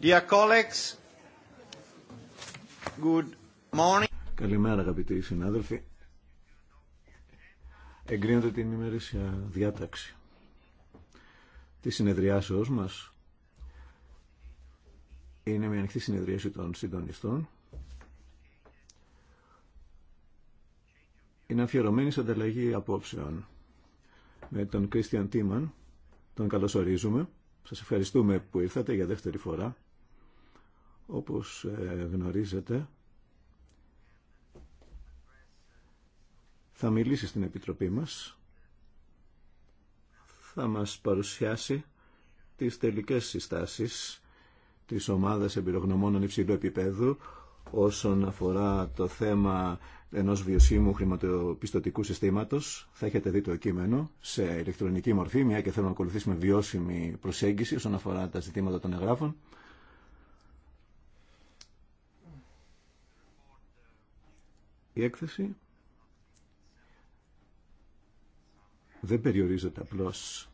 Dear colleagues, good morning. Καλημέρα αγαπητοί συνάδελφοι. Εγκρίνονται την ημερήσια διάταξη της συνεδριάσεώς μας. Είναι μια ανοιχτή συνεδρίαση των συντονιστών. Είναι αφιερωμένη σε ανταλλαγή απόψεων με τον Κρίστιαν Τίμαν, τον καλωσορίζουμε. Σας ευχαριστούμε που ήρθατε για δεύτερη φορά. Όπως ε, γνωρίζετε, θα μιλήσει στην Επιτροπή μας. Θα μας παρουσιάσει τις τελικές συστάσεις της ομάδας εμπειρογνωμόνων υψηλού επίπεδου όσον αφορά το θέμα ενός βιωσίμου χρηματοπιστωτικού συστήματος. Θα έχετε δει το κείμενο σε ηλεκτρονική μορφή, μια και θέλουμε να ακολουθήσουμε βιώσιμη προσέγγιση όσον αφορά τα ζητήματα των εγγράφων. Η έκθεση δεν περιορίζεται απλώς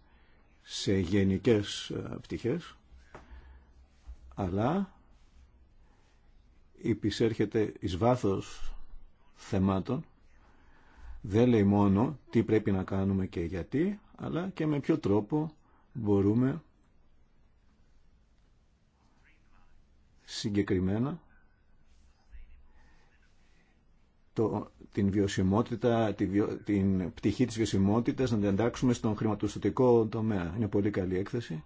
σε γενικές ε, πτυχές, αλλά υπησέρχεται εις βάθος θεμάτων. Δεν λέει μόνο τι πρέπει να κάνουμε και γιατί, αλλά και με ποιο τρόπο μπορούμε συγκεκριμένα το, την βιωσιμότητα, τη την πτυχή της βιωσιμότητας να την εντάξουμε στον χρηματοστατικό τομέα. Είναι πολύ καλή έκθεση.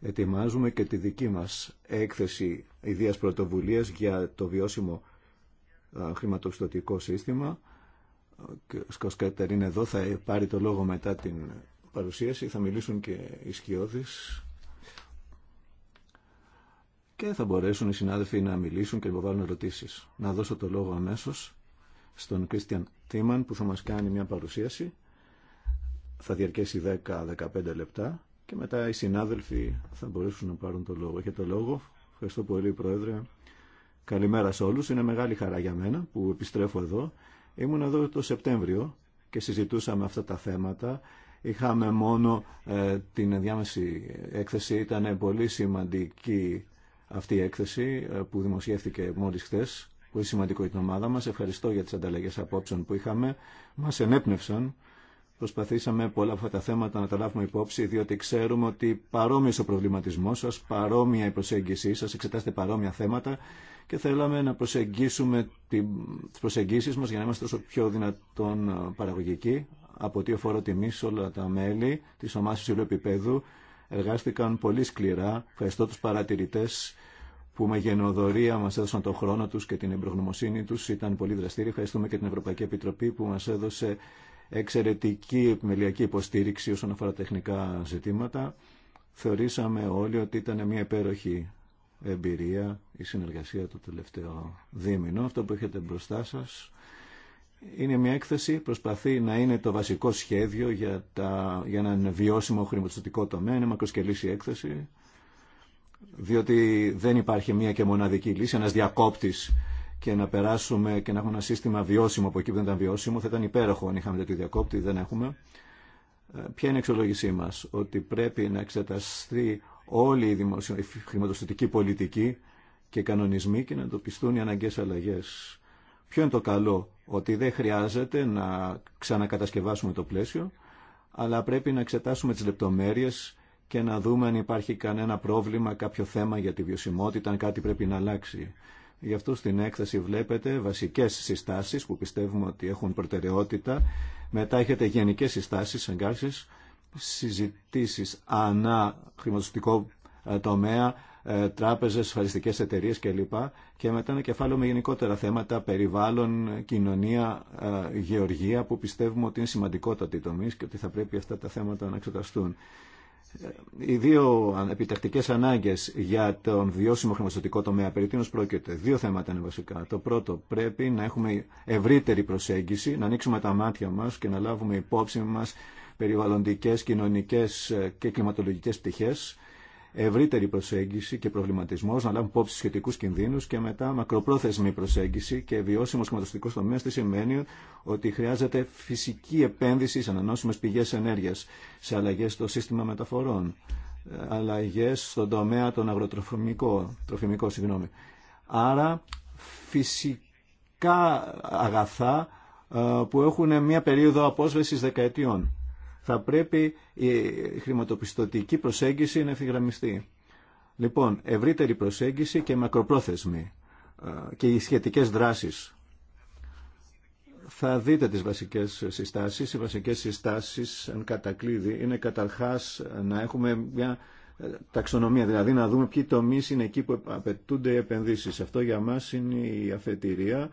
ετοιμάζουμε και τη δική μας έκθεση ιδίας πρωτοβουλίας για το βιώσιμο χρηματοπιστωτικό σύστημα. Ο Σκοσκέτερ είναι εδώ, θα πάρει το λόγο μετά την παρουσίαση, θα μιλήσουν και οι σκιώδεις και θα μπορέσουν οι συνάδελφοι να μιλήσουν και να υποβάλουν ερωτήσεις. Να δώσω το λόγο αμέσως στον Κρίστιαν Τίμαν που θα μας κάνει μια παρουσίαση. Θα διαρκέσει 10-15 λεπτά και μετά οι συνάδελφοι θα μπορέσουν να πάρουν το λόγο. Έχετε το λόγο. Ευχαριστώ πολύ, Πρόεδρε. Καλημέρα σε όλους. Είναι μεγάλη χαρά για μένα που επιστρέφω εδώ. Ήμουν εδώ το Σεπτέμβριο και συζητούσαμε αυτά τα θέματα. Είχαμε μόνο ε, την ενδιάμεση έκθεση. Ήταν πολύ σημαντική αυτή η έκθεση ε, που δημοσιεύτηκε μόλις χθες. Πολύ σημαντικό η ομάδα μας. Ευχαριστώ για τις ανταλλαγές απόψεων που είχαμε. Μας ενέπνευσαν Προσπαθήσαμε πολλά από αυτά τα θέματα να τα λάβουμε υπόψη, διότι ξέρουμε ότι παρόμοιο ο προβληματισμό σα, παρόμοια η προσέγγιση σα, εξετάστε παρόμοια θέματα και θέλαμε να προσεγγίσουμε τι προσεγγίσει μα για να είμαστε όσο πιο δυνατόν ε, παραγωγικοί. Από ό,τι αφορά τιμή, όλα τα μέλη τη ομάδα υψηλού επίπεδου εργάστηκαν πολύ σκληρά. Ευχαριστώ του παρατηρητέ που με γενοδορία μα έδωσαν τον χρόνο του και την εμπρογνωμοσύνη του. Ήταν πολύ δραστήριοι. Ευχαριστούμε και την Ευρωπαϊκή Επιτροπή που μα έδωσε εξαιρετική επιμελιακή υποστήριξη όσον αφορά τεχνικά ζητήματα. Θεωρήσαμε όλοι ότι ήταν μια υπέροχη εμπειρία η συνεργασία του τελευταίο δίμηνο. Αυτό που έχετε μπροστά σας είναι μια έκθεση, προσπαθεί να είναι το βασικό σχέδιο για, τα, για έναν βιώσιμο χρηματοστοτικό τομέα. Είναι μακροσκελής η έκθεση, διότι δεν υπάρχει μια και μοναδική λύση. Ένας διακόπτης και να περάσουμε και να έχουμε ένα σύστημα βιώσιμο από εκεί που δεν ήταν βιώσιμο, θα ήταν υπέροχο αν είχαμε τέτοιο διακόπτη, δεν έχουμε. Ε, ποια είναι η εξολογησή μα, ότι πρέπει να εξεταστεί όλη η, δημοσιο... πολιτική και οι κανονισμοί και να εντοπιστούν οι αναγκαίε αλλαγέ. Ποιο είναι το καλό, ότι δεν χρειάζεται να ξανακατασκευάσουμε το πλαίσιο, αλλά πρέπει να εξετάσουμε τι λεπτομέρειε και να δούμε αν υπάρχει κανένα πρόβλημα, κάποιο θέμα για τη βιωσιμότητα, αν κάτι πρέπει να αλλάξει. Γι' αυτό στην έκθεση βλέπετε βασικές συστάσεις που πιστεύουμε ότι έχουν προτεραιότητα. Μετά έχετε γενικές συστάσεις, εγκάρσεις, συζητήσεις ανά χρηματοστικό ε, τομέα, ε, τράπεζες, ασφαλιστικές εταιρείες κλπ. Και μετά ένα κεφάλαιο με γενικότερα θέματα, περιβάλλον, κοινωνία, ε, γεωργία, που πιστεύουμε ότι είναι σημαντικότατη τομή και ότι θα πρέπει αυτά τα θέματα να εξεταστούν. Οι δύο επιτακτικές ανάγκες για τον βιώσιμο χρηματοδοτικό τομέα περί πρόκειται. Δύο θέματα είναι βασικά. Το πρώτο, πρέπει να έχουμε ευρύτερη προσέγγιση, να ανοίξουμε τα μάτια μας και να λάβουμε υπόψη μας περιβαλλοντικές, κοινωνικές και κλιματολογικές πτυχές ευρύτερη προσέγγιση και προβληματισμό, να λάβουν υπόψη σχετικού κινδύνου και μετά μακροπρόθεσμη προσέγγιση και βιώσιμο χρηματοστικό τομέα. Τι σημαίνει ότι χρειάζεται φυσική επένδυση σε ανανόσιμε πηγέ ενέργεια, σε αλλαγέ στο σύστημα μεταφορών, αλλαγέ στον τομέα των αγροτροφημικών. τροφημικό, Άρα φυσικά αγαθά ε, που έχουν μια περίοδο απόσβεσης δεκαετιών θα πρέπει η χρηματοπιστωτική προσέγγιση να ευθυγραμμιστεί. Λοιπόν, ευρύτερη προσέγγιση και μακροπρόθεσμη ε, και οι σχετικές δράσεις. Θα δείτε τις βασικές συστάσεις. Οι βασικές συστάσεις, αν κατακλείδη, είναι καταρχάς να έχουμε μια ε, ταξονομία, δηλαδή να δούμε ποιοι τομείς είναι εκεί που απαιτούνται οι επενδύσεις. Αυτό για μας είναι η αφετηρία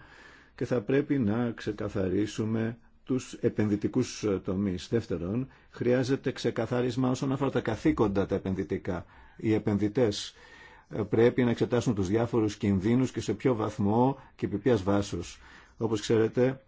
και θα πρέπει να ξεκαθαρίσουμε τους επενδυτικούς ε, τομείς. Δεύτερον, χρειάζεται ξεκαθάρισμα όσον αφορά τα καθήκοντα τα επενδυτικά. Οι επενδυτές ε, πρέπει να εξετάσουν τους διάφορους κινδύνους και σε ποιο βαθμό και επί ποιας βάσος. Όπως ξέρετε,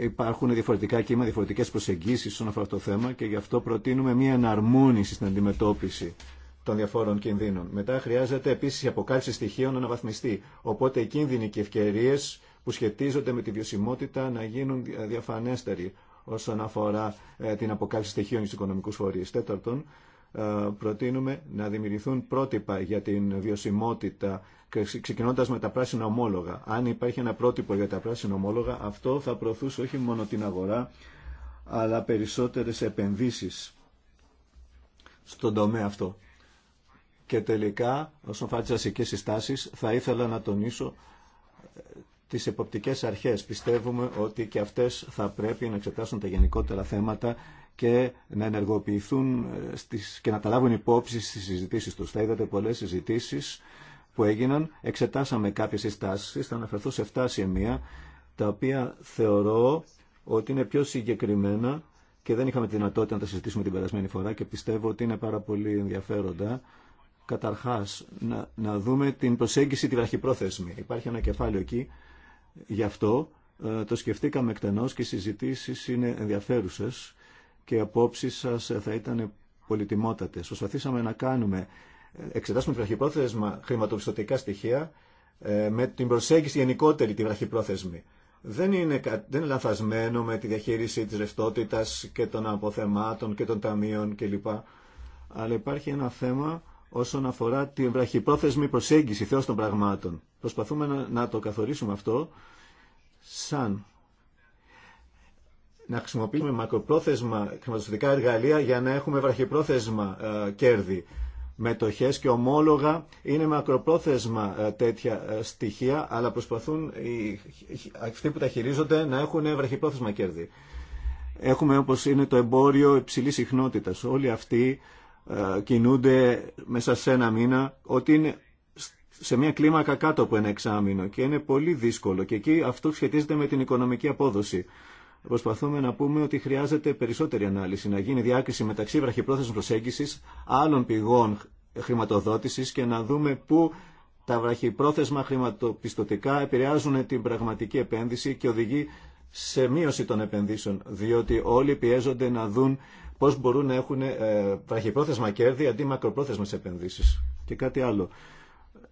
υπάρχουν διαφορετικά κύματα, διαφορετικές προσεγγίσεις όσον αφορά το θέμα και γι' αυτό προτείνουμε μία εναρμόνιση στην αντιμετώπιση των διαφόρων κινδύνων. Μετά χρειάζεται επίσης η αποκάλυψη στοιχείων να αναβαθμιστεί. Οπότε οι κίνδυνοι και ευκαιρίες που σχετίζονται με τη βιωσιμότητα να γίνουν διαφανέστεροι όσον αφορά ε, την αποκάλυψη στοιχείων στους οικονομικούς φορείς. Τέταρτον, ε, προτείνουμε να δημιουργηθούν πρότυπα για την βιωσιμότητα ξεκινώντας με τα πράσινα ομόλογα. Αν υπάρχει ένα πρότυπο για τα πράσινα ομόλογα, αυτό θα προωθούσε όχι μόνο την αγορά, αλλά περισσότερες επενδύσεις στον τομέα αυτό. Και τελικά, όσον αφορά τι αστικέ θα ήθελα να τονίσω τις εποπτικέ αρχές. Πιστεύουμε ότι και αυτές θα πρέπει να εξετάσουν τα γενικότερα θέματα και να ενεργοποιηθούν ε, στις, και να τα λάβουν υπόψη στις συζητήσεις τους. Θα είδατε πολλές συζητήσεις που έγιναν. Εξετάσαμε κάποιες συστάσεις, θα αναφερθώ σε 7 σημεία, τα οποία θεωρώ ότι είναι πιο συγκεκριμένα και δεν είχαμε τη δυνατότητα να τα συζητήσουμε την περασμένη φορά και πιστεύω ότι είναι πάρα πολύ ενδιαφέροντα. Καταρχάς, να, να δούμε την προσέγγιση τη βραχυπρόθεσμη. Υπάρχει ένα κεφάλαιο εκεί Γι' αυτό ε, το σκεφτήκαμε εκτενώς και οι συζητήσεις είναι ενδιαφέρουσες και οι απόψεις σας ε, θα ήταν πολυτιμότατες. Προσπαθήσαμε να κάνουμε, ε, εξετάσουμε τη βραχυπρόθεσμα χρηματοπιστωτικά στοιχεία με την προσέγγιση γενικότερη τη βραχυπρόθεσμη. Δεν είναι, δεν με τη διαχείριση της ρευστότητας και των αποθεμάτων και των ταμείων κλπ. Αλλά υπάρχει ένα θέμα όσον αφορά την βραχυπρόθεσμη προσέγγιση θεός των πραγμάτων. Προσπαθούμε να, το καθορίσουμε αυτό σαν να χρησιμοποιούμε μακροπρόθεσμα χρηματοδοτικά εργαλεία για να έχουμε βραχυπρόθεσμα ε, κέρδη. Μετοχές και ομόλογα είναι μακροπρόθεσμα ε, τέτοια ε, στοιχεία, αλλά προσπαθούν οι, αυτοί που τα χειρίζονται να έχουν βραχυπρόθεσμα κέρδη. Έχουμε όπως είναι το εμπόριο υψηλή συχνότητας. Όλοι αυτοί ε, κινούνται μέσα σε ένα μήνα, ότι είναι σε μια κλίμακα κάτω από ένα εξάμεινο και είναι πολύ δύσκολο και εκεί αυτό σχετίζεται με την οικονομική απόδοση. Προσπαθούμε να πούμε ότι χρειάζεται περισσότερη ανάλυση, να γίνει διάκριση μεταξύ βραχυπρόθεσμων προσέγγισης, άλλων πηγών χρηματοδότησης και να δούμε πού τα βραχυπρόθεσμα χρηματοπιστωτικά επηρεάζουν την πραγματική επένδυση και οδηγεί σε μείωση των επενδύσεων, διότι όλοι πιέζονται να δουν Πώ μπορούν να έχουν ε, βραχυπρόθεσμα κέρδη αντί μακροπρόθεσμε επενδύσεις. Και κάτι άλλο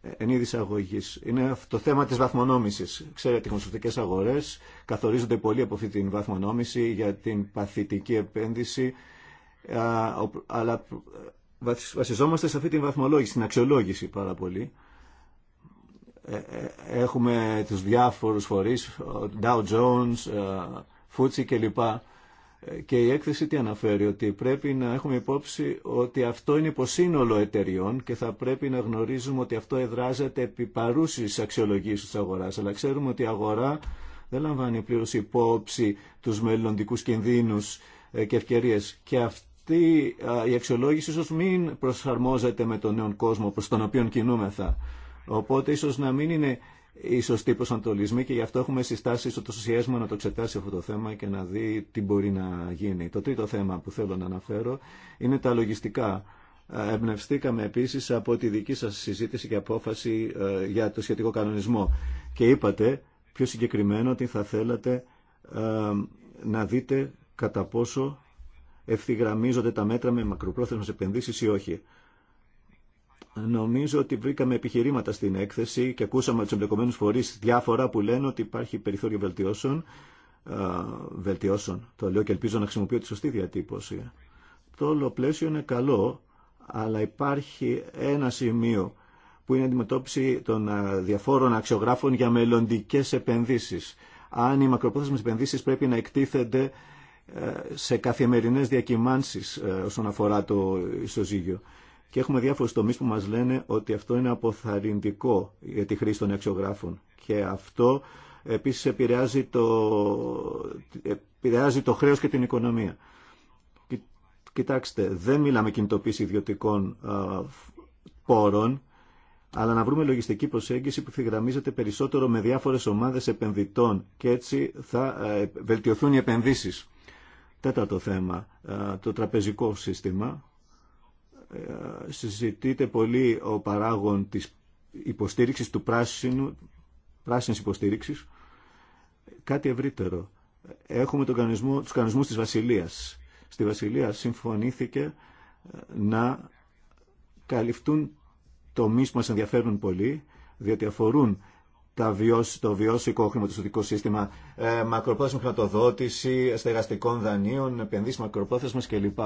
ε, εν είδη αγωγή. Είναι το θέμα τη βαθμονόμηση. Ξέρετε, οι χρηματοδοτικέ αγορέ καθορίζονται πολύ από αυτή την βαθμονόμηση για την παθητική επένδυση. Αλλά ε, βασιζόμαστε σε αυτή την βαθμολόγηση, την αξιολόγηση πάρα πολύ. Έχουμε τους διάφορους φορείς, Dow Jones, Φούτσι κλπ. Και η έκθεση τι αναφέρει, ότι πρέπει να έχουμε υπόψη ότι αυτό είναι υποσύνολο εταιριών και θα πρέπει να γνωρίζουμε ότι αυτό εδράζεται επί παρούσης αξιολογή της αγοράς. Αλλά ξέρουμε ότι η αγορά δεν λαμβάνει πλήρως υπόψη τους μελλοντικούς κινδύνους ε, και ευκαιρίες. Και αυτή η αξιολόγηση ίσως μην προσαρμόζεται με τον νέο κόσμο προς τον οποίο κινούμεθα. Οπότε ίσως να μην είναι οι σωστοί προσανατολισμοί και γι' αυτό έχουμε συστάσει στο σχέσμα να το εξετάσει αυτό το θέμα και να δει τι μπορεί να γίνει. Το τρίτο θέμα που θέλω να αναφέρω είναι τα λογιστικά. Εμπνευστήκαμε επίσης από τη δική σας συζήτηση και απόφαση ε, για το σχετικό κανονισμό και είπατε πιο συγκεκριμένο ότι θα θέλατε ε, να δείτε κατά πόσο ευθυγραμμίζονται τα μέτρα με μακροπρόθεσμες επενδύσεις ή όχι. Νομίζω ότι βρήκαμε επιχειρήματα στην έκθεση και ακούσαμε του εμπλεκομένου φορεί διάφορα που λένε ότι υπάρχει περιθώριο βελτιώσεων. βελτιώσεων. Το λέω και ελπίζω να χρησιμοποιώ τη σωστή διατύπωση. Το όλο πλαίσιο είναι καλό, αλλά υπάρχει ένα σημείο που είναι η αντιμετώπιση των διαφόρων αξιογράφων για μελλοντικέ επενδύσει. Αν οι μακροπρόθεσμε επενδύσει πρέπει να εκτίθενται ε, σε καθημερινές διακυμάνσεις ε, όσον αφορά το ισοζύγιο. Και έχουμε διάφορου τομείς που μας λένε ότι αυτό είναι αποθαρρυντικό για τη χρήση των αξιογράφων. Και αυτό επίσης επηρεάζει το, επηρεάζει το χρέος και την οικονομία. Κοιτάξτε, δεν μιλάμε κινητοποίηση ιδιωτικών πόρων, αλλά να βρούμε λογιστική προσέγγιση που θυγραμμίζεται περισσότερο με διάφορες ομάδες επενδυτών και έτσι θα ε, βελτιωθούν οι επενδύσεις. Τέταρτο θέμα, το τραπεζικό σύστημα συζητείται πολύ ο παράγων της υποστήριξης του πράσινου, πράσινης υποστήριξης, κάτι ευρύτερο. Έχουμε τον κανονισμό, τους κανονισμούς της Βασιλείας. Στη Βασιλεία συμφωνήθηκε ε, να καλυφτούν το που μας ενδιαφέρουν πολύ, διότι αφορούν τα το βιώσιμο χρηματοδοτικό σύστημα, ε, μακροπρόθεσμη χρηματοδότηση, στεγαστικών δανείων, επενδύσεις μακροπρόθεσμες κλπ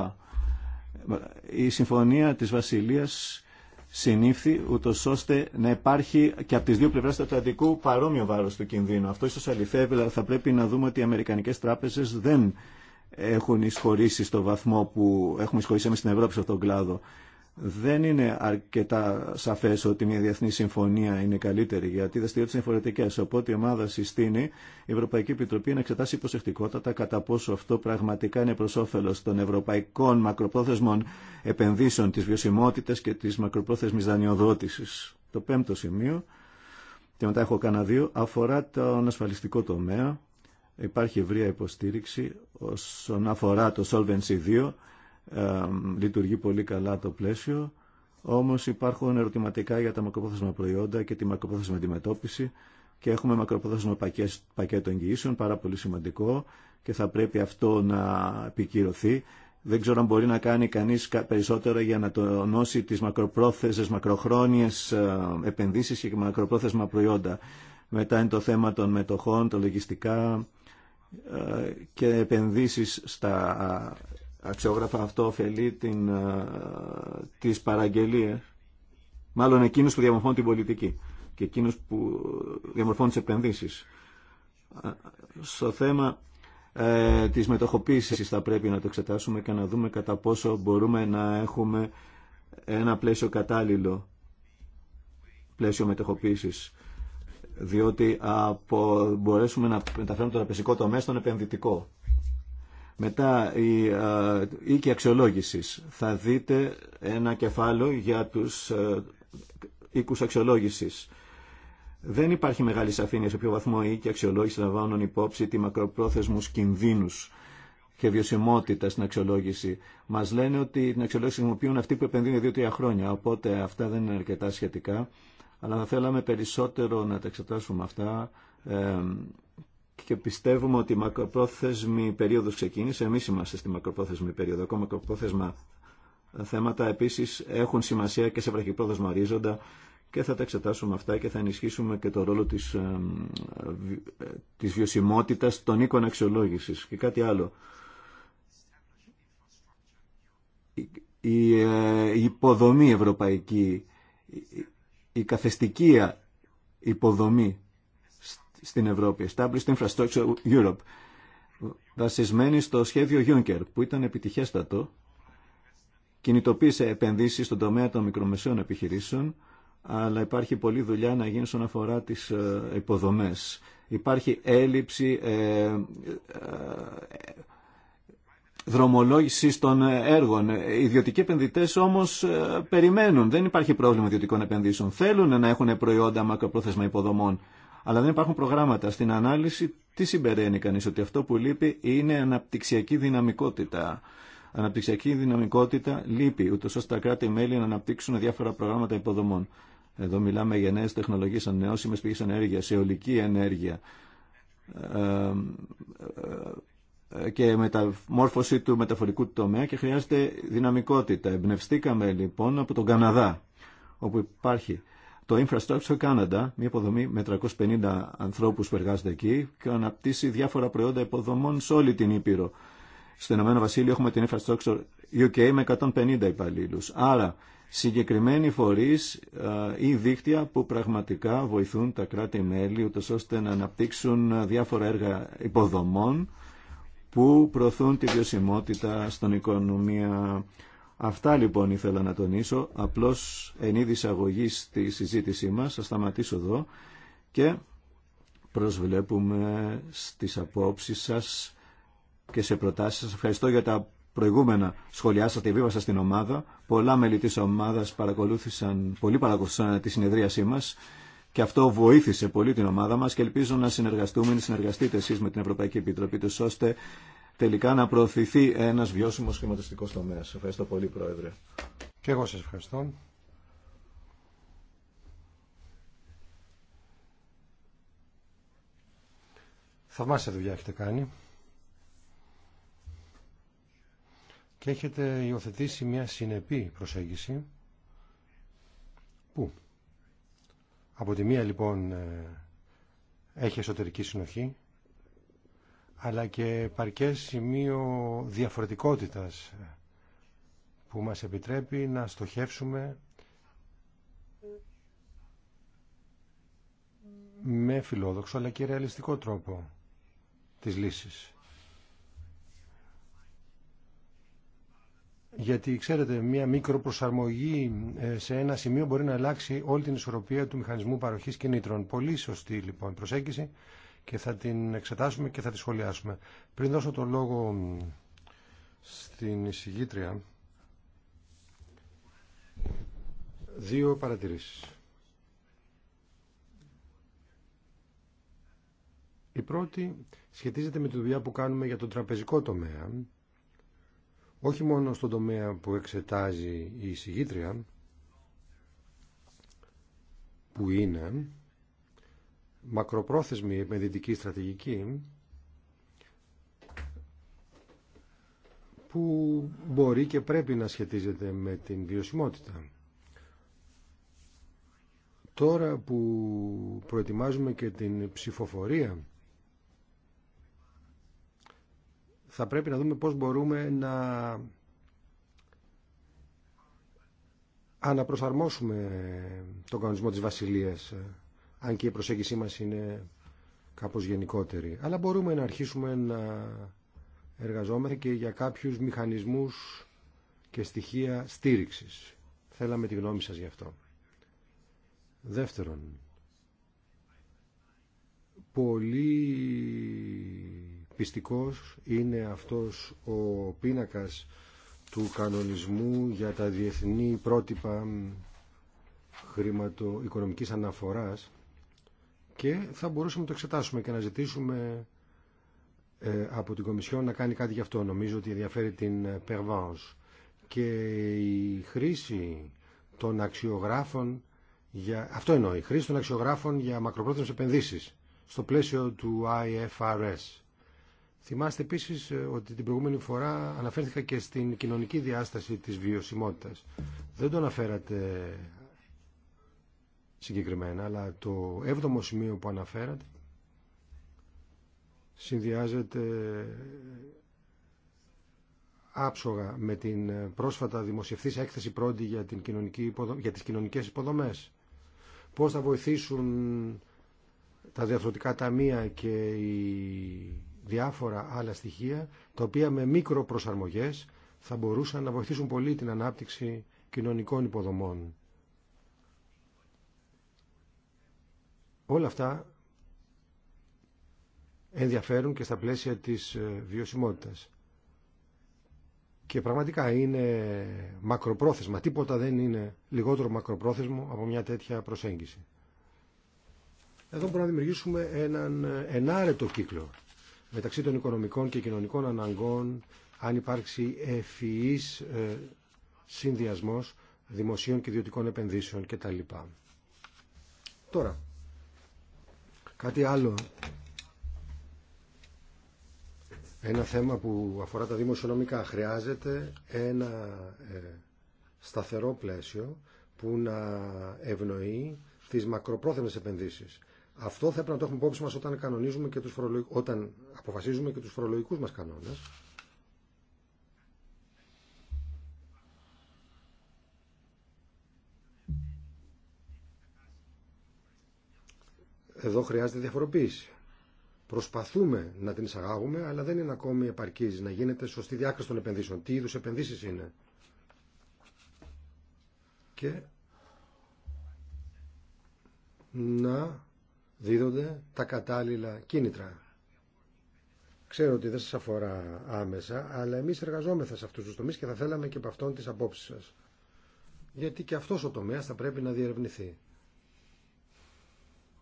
η συμφωνία της Βασιλείας συνήφθη ούτω ώστε να υπάρχει και από τις δύο πλευρές του Ατλαντικού παρόμοιο βάρος του κινδύνου. Αυτό ίσως αληθεύει, αλλά θα πρέπει να δούμε ότι οι Αμερικανικές τράπεζες δεν έχουν εισχωρήσει στο βαθμό που έχουμε εισχωρήσει εμείς στην Ευρώπη σε αυτόν τον κλάδο δεν είναι αρκετά σαφέ ότι μια διεθνή συμφωνία είναι καλύτερη, γιατί οι δραστηριότητε είναι φορετικέ. Οπότε η ομάδα συστήνει η Ευρωπαϊκή Επιτροπή να εξετάσει προσεκτικότατα κατά πόσο αυτό πραγματικά είναι προ όφελο των ευρωπαϊκών μακροπρόθεσμων επενδύσεων, τη βιωσιμότητα και τη μακροπρόθεσμη δανειοδότηση. Το πέμπτο σημείο, και μετά έχω κανένα δύο, αφορά τον ασφαλιστικό τομέα. Υπάρχει ευρεία υποστήριξη όσον αφορά το Solvency 2 λειτουργεί πολύ καλά το πλαίσιο, όμως υπάρχουν ερωτηματικά για τα μακροπρόθεσμα προϊόντα και τη μακροπρόθεσμα αντιμετώπιση και έχουμε μακροπρόθεσμα πακέτο εγγυήσεων, πάρα πολύ σημαντικό και θα πρέπει αυτό να επικυρωθεί. Δεν ξέρω αν μπορεί να κάνει κανείς περισσότερο για να τονώσει τις μακροπρόθεσμες, μακροχρόνιες επενδύσεις και μακροπρόθεσμα προϊόντα. Μετά είναι το θέμα των μετοχών, των λογιστικά ε, και επενδύσεις στα αξιόγραφα αυτό ωφελεί την, ε, τις παραγγελίες, μάλλον εκείνους που διαμορφώνουν την πολιτική και εκείνους που διαμορφώνουν τις επενδύσεις. Στο θέμα ε, της μετοχοποίησης θα πρέπει να το εξετάσουμε και να δούμε κατά πόσο μπορούμε να έχουμε ένα πλαίσιο κατάλληλο, πλαίσιο μετοχοποίησης διότι από, μπορέσουμε να μεταφέρουμε το τραπεζικό τομέα στον επενδυτικό. Μετά η οίκη αξιολόγηση. Θα δείτε ένα κεφάλαιο για τους οίκους αξιολόγησης. Δεν υπάρχει μεγάλη σαφήνεια σε ποιο βαθμό οι οίκοι αξιολόγηση λαμβάνουν υπόψη τη μακροπρόθεσμους κινδύνους και βιωσιμότητα στην αξιολόγηση. Μα λένε ότι την αξιολόγηση χρησιμοποιούν αυτοί που επενδύουν δύο-τρία χρόνια. Οπότε αυτά δεν είναι αρκετά σχετικά. Αλλά θα θέλαμε περισσότερο να τα εξετάσουμε αυτά και πιστεύουμε ότι η μακροπρόθεσμη περίοδο ξεκίνησε. εμεί είμαστε στη μακροπρόθεσμη περίοδο. Ακόμα μακροπρόθεσμα θέματα επίσης έχουν σημασία και σε βραχυπρόθεσμα ρίζοντα και θα τα εξετάσουμε αυτά και θα ενισχύσουμε και το ρόλο της, ε, ε, της βιωσιμότητας των οίκων αξιολόγησης. Και κάτι άλλο. Η ε, υποδομή ευρωπαϊκή, η καθεστική υποδομή στην Ευρώπη, Established Infrastructure Europe, βασισμένη στο σχέδιο Juncker, που ήταν επιτυχέστατο, κινητοποίησε επενδύσεις στον τομέα των μικρομεσαίων επιχειρήσεων, αλλά υπάρχει πολλή δουλειά να γίνει στον αφορά τις ε, υποδομές. Υπάρχει έλλειψη ε, ε δρομολόγηση των έργων. Οι ιδιωτικοί επενδυτέ όμω ε, περιμένουν. Δεν υπάρχει πρόβλημα ιδιωτικών επενδύσεων. Θέλουν να έχουν προϊόντα μακροπρόθεσμα υποδομών αλλά δεν υπάρχουν προγράμματα. Στην ανάλυση τι συμπεραίνει κανείς, ότι αυτό που λείπει είναι αναπτυξιακή δυναμικότητα. Αναπτυξιακή δυναμικότητα λείπει, ούτω ώστε τα κράτη-μέλη να αναπτύξουν διάφορα προγράμματα υποδομών. Εδώ μιλάμε για νέε τεχνολογίε, ανανεώσιμε πηγέ ενέργεια, αιωλική ενέργεια ε, ε, ε, και μεταμόρφωση του μεταφορικού τομέα και χρειάζεται δυναμικότητα. Εμπνευστήκαμε λοιπόν από τον Καναδά, όπου υπάρχει το Infrastructure Canada, μια υποδομή με 350 ανθρώπους που εργάζονται εκεί και αναπτύσσει διάφορα προϊόντα υποδομών σε όλη την Ήπειρο. Στο Ηνωμένο Βασίλειο έχουμε την Infrastructure UK με 150 υπαλλήλους. Άρα, συγκεκριμένοι φορείς ή δίκτυα που πραγματικά βοηθούν τα κράτη-μέλη ούτως ώστε να αναπτύξουν διάφορα έργα υποδομών που προωθούν τη βιωσιμότητα στον οικονομία Αυτά λοιπόν ήθελα να τονίσω, απλώς εν είδη στη συζήτησή μας, θα σταματήσω εδώ και προσβλέπουμε στις απόψεις σας και σε προτάσεις σας. Ευχαριστώ για τα προηγούμενα σχολιάσατε, βίβασα στην ομάδα. Πολλά μέλη της ομάδας παρακολούθησαν, πολύ παρακολούθησαν τη συνεδρίασή μας και αυτό βοήθησε πολύ την ομάδα μας και ελπίζω να συνεργαστούμε, να συνεργαστείτε εσείς με την Ευρωπαϊκή Επιτροπή τους ώστε τελικά να προωθηθεί ένας βιώσιμος χρηματιστικός τομέας. Ευχαριστώ πολύ Πρόεδρε. Και εγώ σας ευχαριστώ. Θαυμάσια δουλειά έχετε κάνει και έχετε υιοθετήσει μια συνεπή προσέγγιση που από τη μία λοιπόν ε, έχει εσωτερική συνοχή αλλά και παρκές σημείο διαφορετικότητας που μας επιτρέπει να στοχεύσουμε με φιλόδοξο αλλά και ρεαλιστικό τρόπο τις λύσεις. Γιατί ξέρετε, μια μικροπροσαρμογή ε, σε ένα σημείο μπορεί να αλλάξει όλη την ισορροπία του μηχανισμού παροχής κινήτρων. Πολύ σωστή λοιπόν προσέγγιση και θα την εξετάσουμε και θα τη σχολιάσουμε. Πριν δώσω το λόγο στην εισηγήτρια, δύο παρατηρήσεις. Η πρώτη σχετίζεται με τη δουλειά που κάνουμε για τον τραπεζικό τομέα, όχι μόνο στον τομέα που εξετάζει η εισηγήτρια, που είναι μακροπρόθεσμη επενδυτική στρατηγική που μπορεί και πρέπει να σχετίζεται με την βιωσιμότητα. Τώρα που προετοιμάζουμε και την ψηφοφορία θα πρέπει να δούμε πώς μπορούμε να αναπροσαρμόσουμε τον κανονισμό της Βασιλείας αν και η προσέγγισή μας είναι κάπως γενικότερη. Αλλά μπορούμε να αρχίσουμε να εργαζόμαστε και για κάποιους μηχανισμούς και στοιχεία στήριξης. Θέλαμε τη γνώμη σας γι' αυτό. Δεύτερον, πολύ πιστικός είναι αυτός ο πίνακας του κανονισμού για τα διεθνή πρότυπα χρηματοοικονομικής αναφοράς και θα μπορούσαμε να το εξετάσουμε και να ζητήσουμε ε, από την Κομισιόν να κάνει κάτι γι' αυτό. Νομίζω ότι ενδιαφέρει την Pervance ε, Και η χρήση των αξιογράφων για... Αυτό εννοώ, η χρήση των αξιογράφων για μακροπρόθεσμες επενδύσεις στο πλαίσιο του IFRS. Θυμάστε επίσης ε, ότι την προηγούμενη φορά αναφέρθηκα και στην κοινωνική διάσταση της βιωσιμότητας. Δεν το αναφέρατε συγκεκριμένα, αλλά το έβδομο σημείο που αναφέρατε συνδυάζεται άψογα με την πρόσφατα δημοσιευθής έκθεση πρώτη για, την κοινωνική υποδο... για τις κοινωνικές υποδομές. Πώς θα βοηθήσουν τα διαφορετικά ταμεία και οι διάφορα άλλα στοιχεία, τα οποία με μικροπροσαρμογές θα μπορούσαν να βοηθήσουν πολύ την ανάπτυξη κοινωνικών υποδομών Όλα αυτά ενδιαφέρουν και στα πλαίσια της ε, βιωσιμότητας. Και πραγματικά είναι μακροπρόθεσμα. Τίποτα δεν είναι λιγότερο μακροπρόθεσμο από μια τέτοια προσέγγιση. Εδώ μπορούμε να δημιουργήσουμε έναν ε, ενάρετο κύκλο μεταξύ των οικονομικών και κοινωνικών αναγκών αν υπάρξει ευφυής ε, συνδυασμός δημοσίων και ιδιωτικών επενδύσεων κτλ. Τώρα, Κάτι άλλο. Ένα θέμα που αφορά τα δημοσιονομικά. Χρειάζεται ένα ε, σταθερό πλαίσιο που να ευνοεί τις μακροπρόθεσμες επενδύσεις. Αυτό θα πρέπει να το έχουμε υπόψη μας όταν, και τους όταν αποφασίζουμε και τους φορολογικούς μας κανόνες. Εδώ χρειάζεται διαφοροποίηση. Προσπαθούμε να την εισαγάγουμε, αλλά δεν είναι ακόμη επαρκή να γίνεται σωστή διάκριση των επενδύσεων. Τι είδου επενδύσει είναι. Και να δίδονται τα κατάλληλα κίνητρα. Ξέρω ότι δεν σας αφορά άμεσα, αλλά εμείς εργαζόμεθα σε αυτούς τους τομείς και θα θέλαμε και από αυτόν τις απόψεις σας. Γιατί και αυτός ο τομέας θα πρέπει να διερευνηθεί.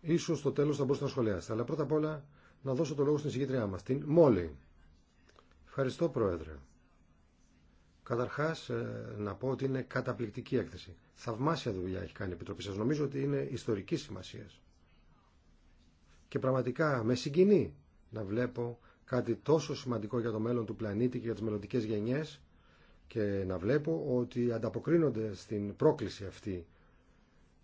Ίσως στο τέλος θα μπορούσατε να σχολιάσετε. Αλλά πρώτα απ' όλα να δώσω το λόγο στην συγκήτριά μας, την Μόλι. Ευχαριστώ Πρόεδρε. Καταρχάς ε, να πω ότι είναι καταπληκτική έκθεση. Θαυμάσια δουλειά έχει κάνει η Επιτροπή σας. Νομίζω ότι είναι ιστορική σημασία. Και πραγματικά με συγκινεί να βλέπω κάτι τόσο σημαντικό για το μέλλον του πλανήτη και για τις μελλοντικέ γενιές και να βλέπω ότι ανταποκρίνονται στην πρόκληση αυτή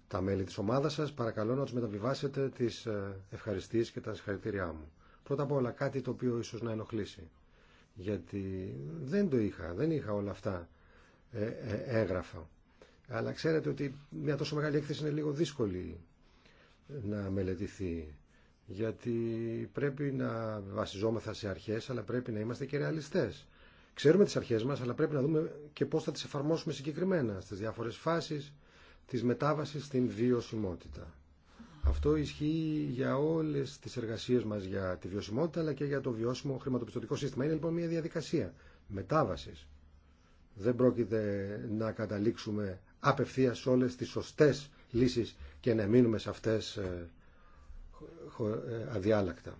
τα μέλη της ομάδας σας. Παρακαλώ να τους μεταβιβάσετε τις ε, ευχαριστίες και τα συγχαρητήριά μου. Πρώτα απ' όλα κάτι το οποίο ίσως να ενοχλήσει. Γιατί δεν το είχα, δεν είχα όλα αυτά ε, ε, Αλλά ξέρετε ότι μια τόσο μεγάλη έκθεση είναι λίγο δύσκολη να μελετηθεί. Γιατί πρέπει να βασιζόμεθα σε αρχές, αλλά πρέπει να είμαστε και ρεαλιστές. Ξέρουμε τις αρχές μας, αλλά πρέπει να δούμε και πώς θα τις εφαρμόσουμε συγκεκριμένα στις διάφορες φάσεις της μετάβασης στην βιωσιμότητα. Αυτό ισχύει για όλες τις εργασίες μας για τη βιωσιμότητα αλλά και για το βιώσιμο χρηματοπιστωτικό σύστημα. Είναι λοιπόν μια διαδικασία μετάβασης. Δεν πρόκειται να καταλήξουμε απευθείας όλες τις σωστές λύσεις και να μείνουμε σε αυτές ε, ε, αδιάλακτα.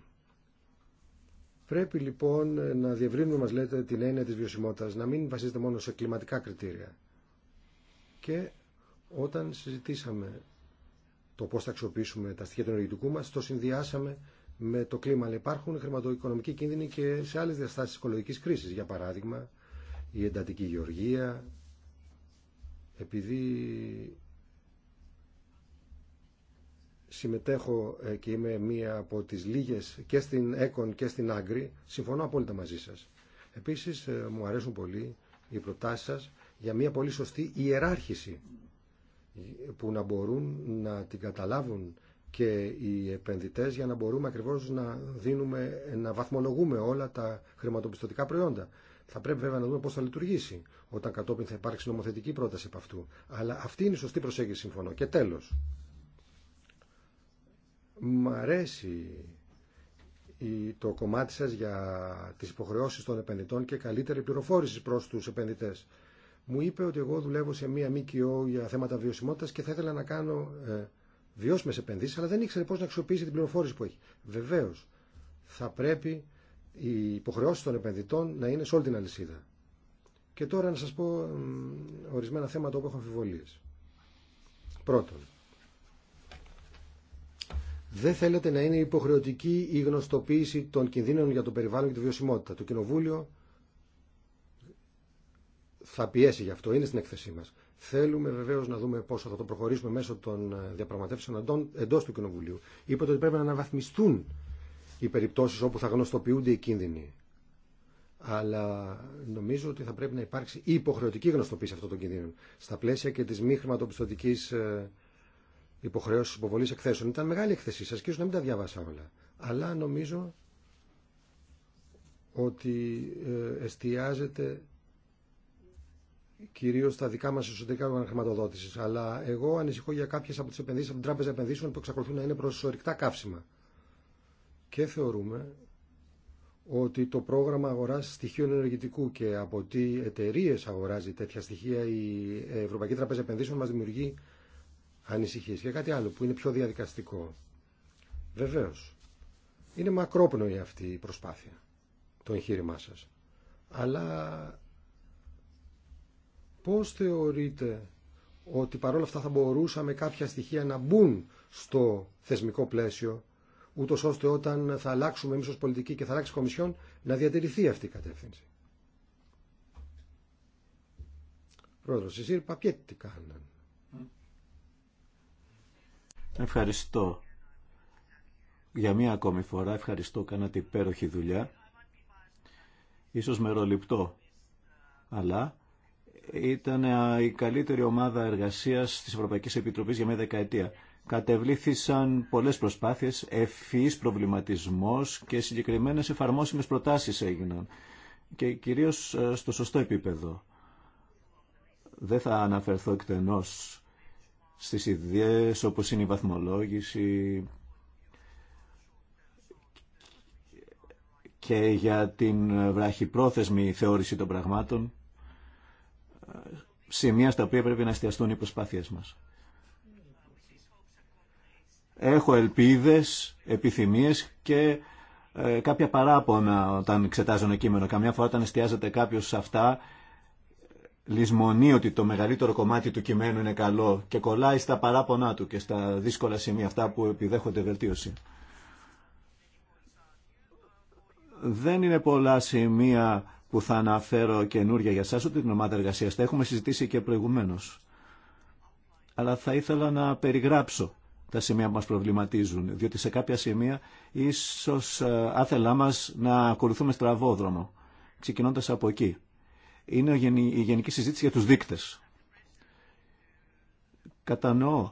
Πρέπει λοιπόν να διευρύνουμε, μας λέτε, την έννοια της βιωσιμότητας, να μην βασίζεται μόνο σε κλιματικά κριτήρια. Και όταν συζητήσαμε το πώς θα αξιοποιήσουμε τα στοιχεία του ενεργητικού μας, το συνδυάσαμε με το κλίμα. Αλλά υπάρχουν χρηματοοικονομικοί κίνδυνοι και σε άλλες διαστάσεις οικολογικής κρίσης. Για παράδειγμα, η εντατική γεωργία, επειδή συμμετέχω ε, και είμαι μία από τις λίγες και στην ΕΚΟΝ και στην Άγκρη, συμφωνώ απόλυτα μαζί σας. Επίσης ε, μου αρέσουν πολύ οι προτάσεις σας για μία πολύ σωστή ιεράρχηση που να μπορούν να την καταλάβουν και οι επενδυτές για να μπορούμε ακριβώς να δίνουμε, να βαθμολογούμε όλα τα χρηματοπιστωτικά προϊόντα. Θα πρέπει βέβαια να δούμε πώς θα λειτουργήσει όταν κατόπιν θα υπάρξει νομοθετική πρόταση από αυτού. Αλλά αυτή είναι η σωστή προσέγγιση, συμφωνώ. Και τέλος, Μ' αρέσει το κομμάτι σας για τις υποχρεώσεις των επενδυτών και καλύτερη πληροφόρηση προς τους επενδυτές μου είπε ότι εγώ δουλεύω σε μία ΜΚΟ για θέματα βιωσιμότητας και θα ήθελα να κάνω ε, βιώσιμες επενδύσεις, αλλά δεν ήξερε πώς να αξιοποιήσει την πληροφόρηση που έχει. Βεβαίως, θα πρέπει οι υποχρεώσει των επενδυτών να είναι σε όλη την αλυσίδα. Και τώρα να σας πω ορισμένα θέματα όπου έχω αμφιβολίες. Πρώτον, δεν θέλετε να είναι υποχρεωτική η γνωστοποίηση των κινδύνων για το περιβάλλον και τη βιωσιμότητα. Το Κοινοβούλιο θα πιέσει γι' αυτό, είναι στην έκθεσή μα. Θέλουμε βεβαίω να δούμε πόσο θα το προχωρήσουμε μέσω των ε, διαπραγματεύσεων εντό του Κοινοβουλίου. Είπατε ότι πρέπει να αναβαθμιστούν οι περιπτώσει όπου θα γνωστοποιούνται οι κίνδυνοι. Αλλά νομίζω ότι θα πρέπει να υπάρξει υποχρεωτική γνωστοποίηση αυτών των κινδύνων. Στα πλαίσια και τη μη χρηματοπιστωτική ε, υποχρέωση υποβολή εκθέσεων. Ήταν μεγάλη εκθεσή σα να μην τα διάβασα όλα. Αλλά νομίζω ότι ε, εστιάζεται Κυρίω στα δικά μα εσωτερικά όργανα χρηματοδότησης. Αλλά εγώ ανησυχώ για κάποιε από τι επενδύσει από την Τράπεζα Επενδύσεων που εξακολουθούν να είναι προς καύσιμα. Και θεωρούμε ότι το πρόγραμμα αγοράς στοιχείων ενεργητικού και από τι εταιρείε αγοράζει τέτοια στοιχεία η Ευρωπαϊκή Τράπεζα Επενδύσεων μας δημιουργεί ανησυχίε. Και κάτι άλλο που είναι πιο διαδικαστικό. Βεβαίω, είναι μακρόπνοη αυτή η προσπάθεια, το εγχείρημά σας. Αλλά Πώς θεωρείτε ότι παρόλα αυτά θα μπορούσαμε κάποια στοιχεία να μπουν στο θεσμικό πλαίσιο, ούτω ώστε όταν θα αλλάξουμε εμεί ως πολιτική και θα αλλάξει η Κομισιόν, να διατηρηθεί αυτή η κατεύθυνση. Πρόεδρος, εσύ παπιέτη τι κάναν. Ευχαριστώ. Για μία ακόμη φορά ευχαριστώ, κάνατε υπέροχη δουλειά. Ίσως μεροληπτό, αλλά ήταν η καλύτερη ομάδα εργασίας της Ευρωπαϊκής Επιτροπής για μια δεκαετία. Κατεβλήθησαν πολλές προσπάθειες, ευφυής προβληματισμός και συγκεκριμένες εφαρμόσιμες προτάσεις έγιναν και κυρίως στο σωστό επίπεδο. Δεν θα αναφερθώ εκτενώς στις ιδέες όπως είναι η βαθμολόγηση και για την βραχυπρόθεσμη θεώρηση των πραγμάτων σημεία στα οποία πρέπει να εστιαστούν οι προσπάθειές μας. Έχω ελπίδες, επιθυμίες και ε, κάποια παράπονα όταν εξετάζω ένα κείμενο. Καμιά φορά όταν εστιάζεται κάποιος σε αυτά, λησμονεί ότι το μεγαλύτερο κομμάτι του κειμένου είναι καλό και κολλάει στα παράπονά του και στα δύσκολα σημεία αυτά που επιδέχονται βελτίωση. Δεν είναι πολλά σημεία που θα αναφέρω καινούρια για σας, ούτε την ομάδα εργασίας. Τα έχουμε συζητήσει και προηγουμένως. Αλλά θα ήθελα να περιγράψω τα σημεία που μας προβληματίζουν, διότι σε κάποια σημεία ίσως ε, άθελά μας να ακολουθούμε στραβόδρομο, ξεκινώντας από εκεί. Είναι η γενική συζήτηση για τους δείκτες. Κατανοώ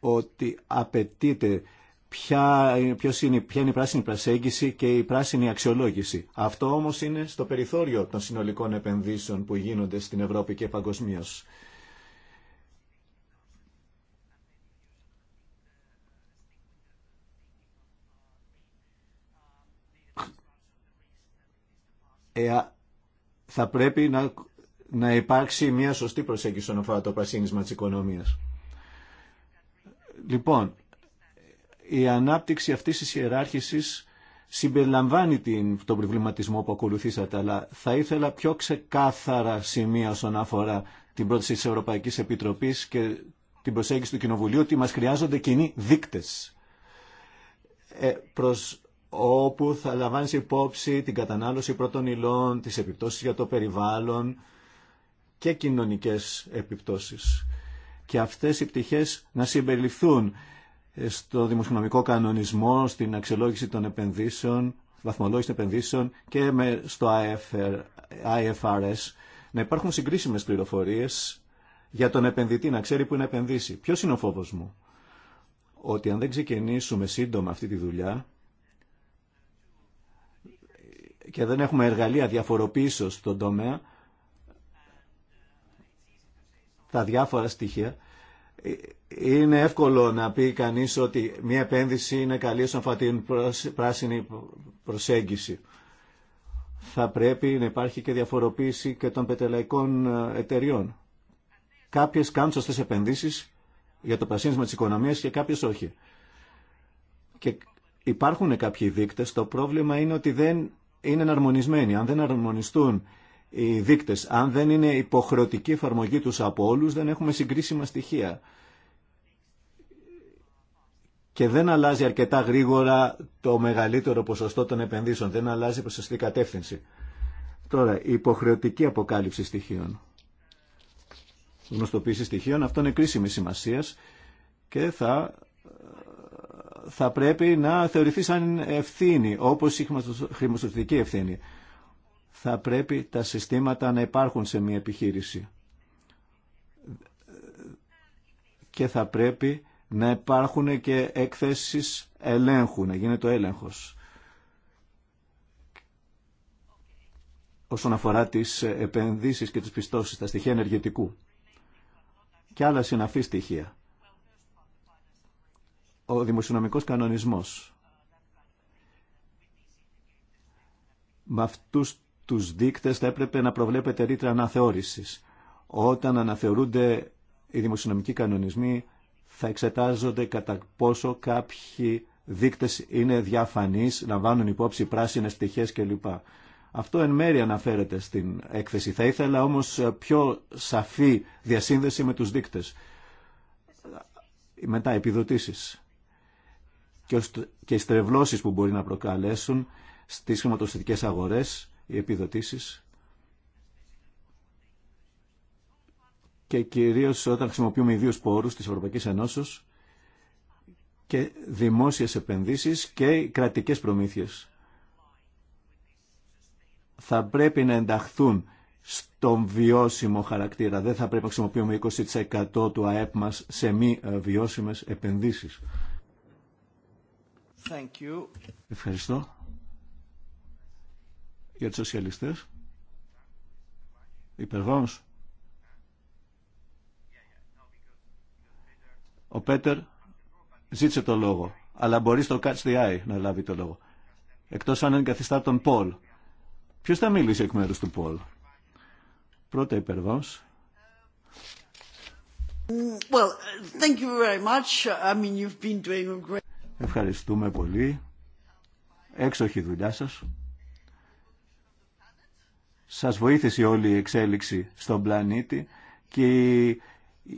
ότι απαιτείται ποια, ποιος είναι, ποια είναι η πράσινη προσέγγιση και η πράσινη αξιολόγηση. Αυτό όμως είναι στο περιθώριο των συνολικών επενδύσεων που γίνονται στην Ευρώπη και παγκοσμίω. θα πρέπει να, να υπάρξει μια σωστή προσέγγιση όσον αφορά το πρασίνισμα της οικονομίας. Λοιπόν, η ανάπτυξη αυτής της ιεράρχησης συμπεριλαμβάνει την, τον προβληματισμό που ακολουθήσατε, αλλά θα ήθελα πιο ξεκάθαρα σημεία όσον αφορά την πρόταση της Ευρωπαϊκής Επιτροπής και την προσέγγιση του Κοινοβουλίου ότι μας χρειάζονται κοινοί δείκτες ε, προς όπου θα λαμβάνει υπόψη την κατανάλωση πρώτων υλών, τις επιπτώσεις για το περιβάλλον και κοινωνικές επιπτώσεις. Και αυτές οι πτυχές να συμπεριληφθούν στο δημοσιονομικό κανονισμό, στην αξιολόγηση των επενδύσεων, βαθμολόγηση των επενδύσεων και στο IFRS να υπάρχουν συγκρίσιμε πληροφορίε για τον επενδυτή να ξέρει που είναι επενδύσει. Ποιο είναι ο φόβο μου? Ότι αν δεν ξεκινήσουμε σύντομα αυτή τη δουλειά και δεν έχουμε εργαλεία διαφοροποίησεως στον τομέα, τα διάφορα στοιχεία, είναι εύκολο να πει κανείς ότι μια επένδυση είναι καλή όσον αφορά την πράσινη προσέγγιση. Θα πρέπει να υπάρχει και διαφοροποίηση και των πετελαϊκών ε, εταιριών. Κάποιες κάνουν σωστές επενδύσεις για το πρασίνισμα της οικονομίας και κάποιες όχι. Και υπάρχουν κάποιοι δείκτες. Το πρόβλημα είναι ότι δεν είναι εναρμονισμένοι. Αν δεν αρμονιστούν οι δείκτες. Αν δεν είναι υποχρεωτική εφαρμογή τους από όλους, δεν έχουμε συγκρίσιμα στοιχεία. Και δεν αλλάζει αρκετά γρήγορα το μεγαλύτερο ποσοστό των επενδύσεων. Δεν αλλάζει η ποσοστή κατεύθυνση. Τώρα, η υποχρεωτική αποκάλυψη στοιχείων. Γνωστοποίηση στοιχείων. Αυτό είναι κρίσιμη σημασία και θα, θα πρέπει να θεωρηθεί σαν ευθύνη, όπως η χρηματοδοτική ευθύνη θα πρέπει τα συστήματα να υπάρχουν σε μια επιχείρηση. Και θα πρέπει να υπάρχουν και έκθεσεις ελέγχου, να γίνεται ο έλεγχος. όσον αφορά τις επενδύσεις και τις πιστώσεις, τα στοιχεία ενεργετικού και άλλα συναφή στοιχεία. Ο δημοσιονομικός κανονισμός. Με αυτούς τους δείκτες θα έπρεπε να προβλέπετε ρήτρα αναθεώρησης. Όταν αναθεωρούνται οι δημοσιονομικοί κανονισμοί θα εξετάζονται κατά πόσο κάποιοι δείκτες είναι διαφανείς, λαμβάνουν υπόψη πράσινες πτυχές κλπ. Αυτό εν μέρει αναφέρεται στην έκθεση. Θα ήθελα όμως πιο σαφή διασύνδεση με τους δείκτες. Μετά επιδοτήσεις και οι στρεβλώσεις που μπορεί να προκαλέσουν στις χρηματοστατικές αγορές οι επιδοτήσεις και κυρίως όταν χρησιμοποιούμε ιδίους πόρους της Ευρωπαϊκής Ενώσεως και δημόσιες επενδύσεις και κρατικές προμήθειες. Θα πρέπει να ενταχθούν στον βιώσιμο χαρακτήρα. Δεν θα πρέπει να χρησιμοποιούμε 20% του ΑΕΠ μας σε μη ε, βιώσιμες επενδύσεις. Ευχαριστώ για τους σοσιαλιστές. Υπερβάμος. Ο Πέτερ ζήτησε το λόγο, αλλά μπορεί στο Catch the Eye να λάβει το λόγο. Εκτός αν εγκαθιστά τον Πολ. Ποιος θα μιλήσει εκ μέρους του Πολ. Πρώτα υπερβάμος. Well, thank you very much. I mean, you've been doing great... Ευχαριστούμε πολύ. Έξοχη δουλειά σας. Σας βοήθησε όλη η εξέλιξη στον πλανήτη και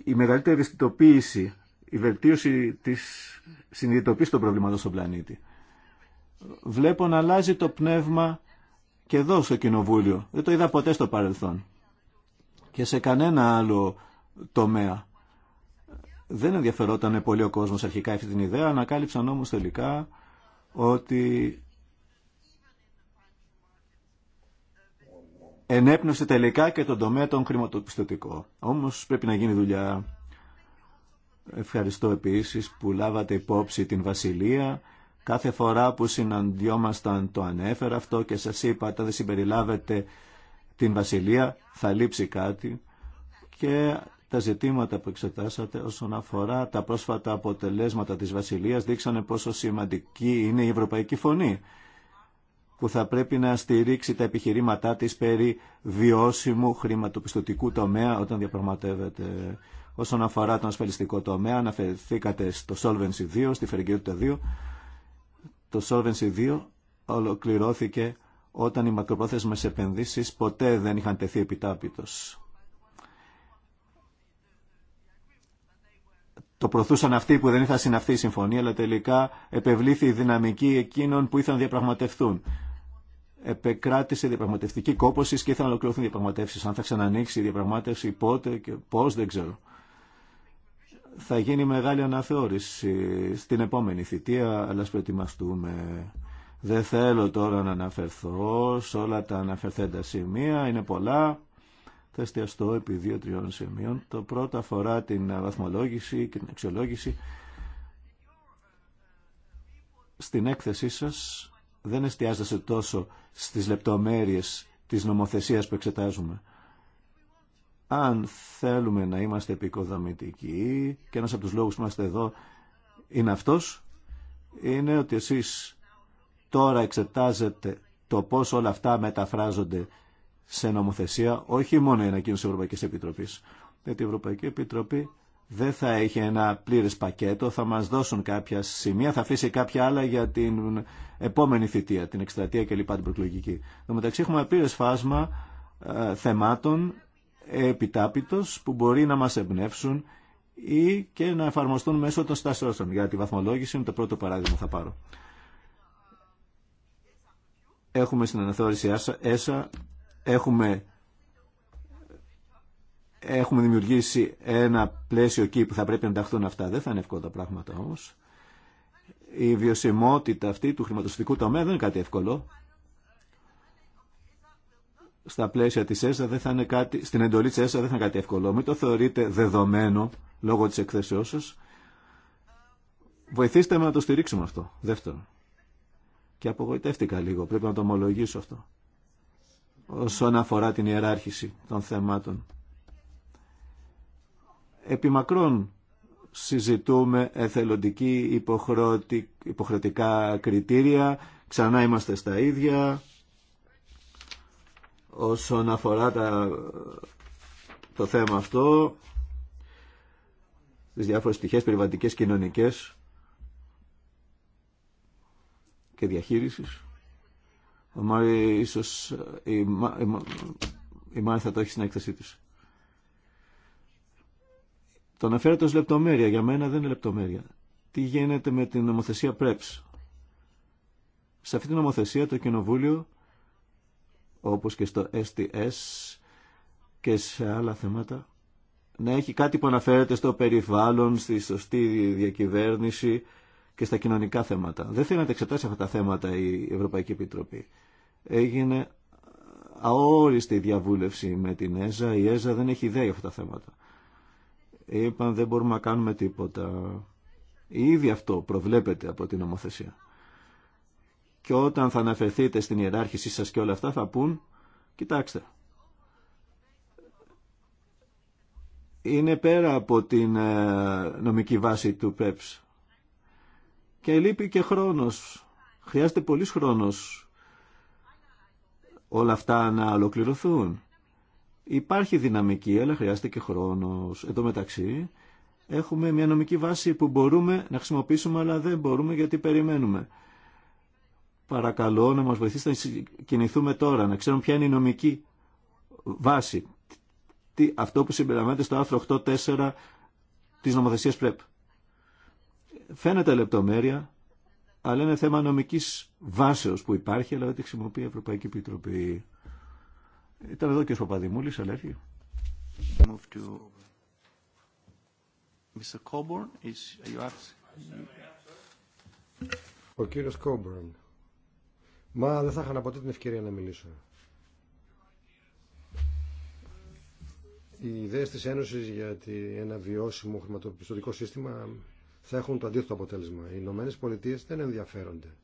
η μεγαλύτερη ευαισθητοποίηση, η βελτίωση της συνειδητοποίησης των προβλημάτων στον πλανήτη. Βλέπω να αλλάζει το πνεύμα και εδώ στο Κοινοβούλιο. Δεν το είδα ποτέ στο παρελθόν και σε κανένα άλλο τομέα. Δεν ενδιαφερόταν πολύ ο κόσμος αρχικά αυτή την ιδέα, ανακάλυψαν όμως τελικά ότι ενέπνευσε τελικά και τον τομέα των χρηματοπιστωτικών. Όμως πρέπει να γίνει δουλειά. Ευχαριστώ επίσης που λάβατε υπόψη την Βασιλεία. Κάθε φορά που συναντιόμασταν το ανέφερα αυτό και σας είπα αν δεν συμπεριλάβετε την Βασιλεία θα λείψει κάτι και τα ζητήματα που εξετάσατε όσον αφορά τα πρόσφατα αποτελέσματα της Βασιλείας δείξανε πόσο σημαντική είναι η ευρωπαϊκή φωνή που θα πρέπει να στηρίξει τα επιχειρήματά της περί βιώσιμου χρηματοπιστωτικού τομέα όταν διαπραγματεύεται. Όσον αφορά τον ασφαλιστικό τομέα, αναφερθήκατε στο Solvency 2, στη Φερικαιότητα 2. Το Solvency 2 ολοκληρώθηκε όταν οι μακροπρόθεσμες επενδύσεις ποτέ δεν είχαν τεθεί επιτάπητος. Το προθούσαν αυτοί που δεν είχαν συναυθεί η συμφωνία, αλλά τελικά επευλήθη η δυναμική εκείνων που ήθελαν να διαπραγματευτούν επεκράτησε διαπραγματευτική κόπωση και ήθελα να ολοκληρωθούν διαπραγματεύσει. Αν θα ξανανοίξει η διαπραγμάτευση, πότε και πώ, δεν ξέρω. Θα γίνει μεγάλη αναθεώρηση στην επόμενη θητεία, αλλά α προετοιμαστούμε. Δεν θέλω τώρα να αναφερθώ σε όλα τα αναφερθέντα σημεία, είναι πολλά. Θα εστιαστώ επί δύο-τριών σημείων. Το πρώτο αφορά την βαθμολόγηση και την αξιολόγηση. Στην έκθεσή σας δεν εστιάζεσαι τόσο στις λεπτομέρειες της νομοθεσίας που εξετάζουμε. Αν θέλουμε να είμαστε επικοδομητικοί και ένας από τους λόγους που είμαστε εδώ είναι αυτός, είναι ότι εσείς τώρα εξετάζετε το πώς όλα αυτά μεταφράζονται σε νομοθεσία, όχι μόνο η ανακοίνωση Ευρωπαϊκής Επιτροπής. Γιατί η Ευρωπαϊκή Επιτροπή δεν θα έχει ένα πλήρες πακέτο, θα μας δώσουν κάποια σημεία, θα αφήσει κάποια άλλα για την επόμενη θητεία, την εκστρατεία κλπ. την προεκλογική. Εν μεταξύ έχουμε πλήρες φάσμα ε, θεμάτων επιτάπητος που μπορεί να μας εμπνεύσουν ή και να εφαρμοστούν μέσω των στάσεων. Για τη βαθμολόγηση είναι το πρώτο παράδειγμα θα πάρω. Έχουμε στην αναθεώρηση ΕΣΑ, έχουμε έχουμε δημιουργήσει ένα πλαίσιο εκεί που θα πρέπει να ενταχθούν αυτά. Δεν θα είναι εύκολα τα πράγματα όμω. Η βιωσιμότητα αυτή του χρηματοστικού τομέα δεν είναι κάτι εύκολο. Στα πλαίσια τη ΕΣΑ δεν θα κάτι, στην εντολή τη ΕΣΑ δεν θα είναι κάτι εύκολο. Μην το θεωρείτε δεδομένο λόγω τη εκθέσεω. σα. Βοηθήστε με να το στηρίξουμε αυτό. Δεύτερον. Και απογοητεύτηκα λίγο. Πρέπει να το ομολογήσω αυτό. Όσον αφορά την ιεράρχηση των θεμάτων επιμακρών συζητούμε εθελοντική υποχρεωτικά κριτήρια, ξανά είμαστε στα ίδια όσον αφορά τα, το θέμα αυτό τις διάφορες πτυχές περιβαλλοντικές, κοινωνικές και διαχείρισης. Ο Μάρη, ίσως η, η, θα το έχει στην έκθεσή της. Το αναφέρατε ως λεπτομέρεια. Για μένα δεν είναι λεπτομέρεια. Τι γίνεται με την νομοθεσία ΠΡΕΠΣ. Σε αυτή την νομοθεσία το Κοινοβούλιο, όπως και στο STS και σε άλλα θέματα, να έχει κάτι που αναφέρεται στο περιβάλλον, στη σωστή διακυβέρνηση και στα κοινωνικά θέματα. Δεν θέλει να τα εξετάσει αυτά τα θέματα η Ευρωπαϊκή Επιτροπή. Έγινε αόριστη διαβούλευση με την ΕΖΑ. Η ΕΖΑ δεν έχει ιδέα για αυτά τα θέματα είπαν δεν μπορούμε να κάνουμε τίποτα. Ήδη αυτό προβλέπεται από την νομοθεσία. Και όταν θα αναφερθείτε στην ιεράρχησή σας και όλα αυτά θα πούν, κοιτάξτε, είναι πέρα από την ε, νομική βάση του ΠΕΠΣ. Και λείπει και χρόνος. Χρειάζεται πολύς χρόνος όλα αυτά να ολοκληρωθούν. Υπάρχει δυναμική, αλλά χρειάζεται και χρόνος. Εδώ μεταξύ έχουμε μια νομική βάση που μπορούμε να χρησιμοποιήσουμε, αλλά δεν μπορούμε γιατί περιμένουμε. Παρακαλώ να μας βοηθήσετε να κινηθούμε τώρα, να ξέρουμε ποια είναι η νομική βάση. Τι, αυτό που συμπεριλαμβάνεται στο άρθρο 8.4 της νομοθεσίας ΠΡΕΠ. Φαίνεται λεπτομέρεια, αλλά είναι θέμα νομικής βάσεως που υπάρχει, αλλά δεν τη χρησιμοποιεί η Ευρωπαϊκή Επιτροπή. Ήταν εδώ και ο Παπαδημούλης, αλλά έφυγε. you Ο κύριος Κόμπορν. Μα δεν θα είχα ποτέ την ευκαιρία να μιλήσω. Οι ιδέε τη Ένωση για ένα βιώσιμο χρηματοπιστωτικό σύστημα θα έχουν το αντίθετο αποτέλεσμα. Οι Ηνωμένε Πολιτείες δεν ενδιαφέρονται.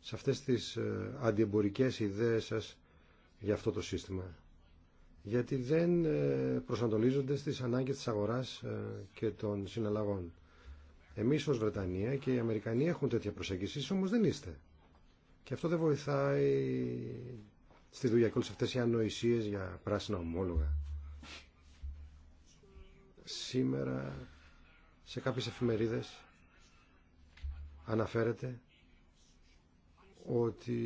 Σε αυτές τις ε, αντιεμπορικές ιδέες σας για αυτό το σύστημα. Γιατί δεν ε, προσανατολίζονται στις ανάγκες της αγοράς ε, και των συναλλαγών. Εμείς ως Βρετανία και οι Αμερικανοί έχουν τέτοια προσέγγιση, όμως δεν είστε. Και αυτό δεν βοηθάει στη δουλειά και όλες αυτές οι ανοησίες για πράσινα ομόλογα. Σήμερα σε κάποιες εφημερίδες αναφέρεται ότι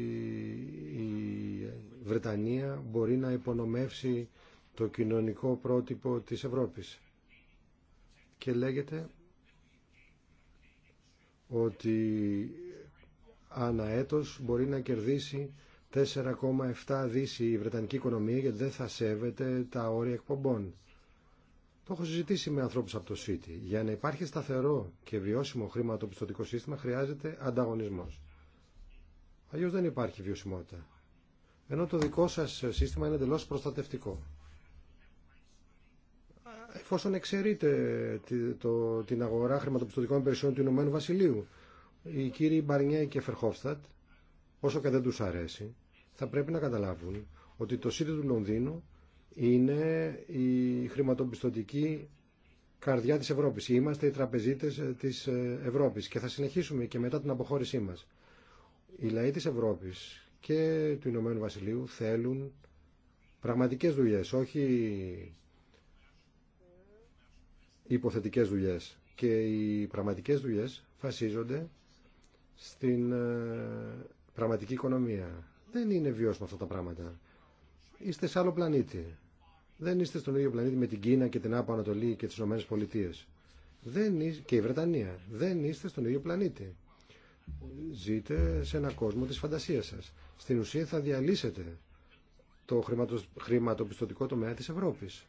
η Βρετανία μπορεί να υπονομεύσει το κοινωνικό πρότυπο της Ευρώπης. Και λέγεται ότι αναέτος μπορεί να κερδίσει 4,7 δίση η Βρετανική οικονομία γιατί δεν θα σέβεται τα όρια εκπομπών. Το έχω συζητήσει με ανθρώπους από το City. Για να υπάρχει σταθερό και βιώσιμο χρηματοπιστωτικό σύστημα χρειάζεται ανταγωνισμός. Αλλιώ δεν υπάρχει βιωσιμότητα. Ενώ το δικό σα σύστημα είναι εντελώ προστατευτικό. Εφόσον εξαιρείτε το, την αγορά χρηματοπιστωτικών υπηρεσιών του Ηνωμένου Βασιλείου, οι κύριοι Μπαρνιέ και Φερχόφστατ, όσο και δεν του αρέσει, θα πρέπει να καταλάβουν ότι το σύνδεσμο του Λονδίνου είναι η χρηματοπιστωτική καρδιά της Ευρώπης. Είμαστε οι τραπεζίτες της Ευρώπης και θα συνεχίσουμε και μετά την αποχώρησή μας. Οι λαοί της Ευρώπης και του Ηνωμένου Βασιλείου θέλουν πραγματικές δουλειές, όχι υποθετικές δουλειές. Και οι πραγματικές δουλειές φασίζονται στην ε, πραγματική οικονομία. Δεν είναι βιώσιμα αυτά τα πράγματα. Είστε σε άλλο πλανήτη. Δεν είστε στον ίδιο πλανήτη με την Κίνα και την Άπα Ανατολή και τις Ηνωμένες Πολιτείες. Δεν, και η Βρετανία. Δεν είστε στον ίδιο πλανήτη. Ζείτε σε ένα κόσμο της φαντασίας σας. Στην ουσία θα διαλύσετε το χρηματοπιστωτικό τομέα της Ευρώπης.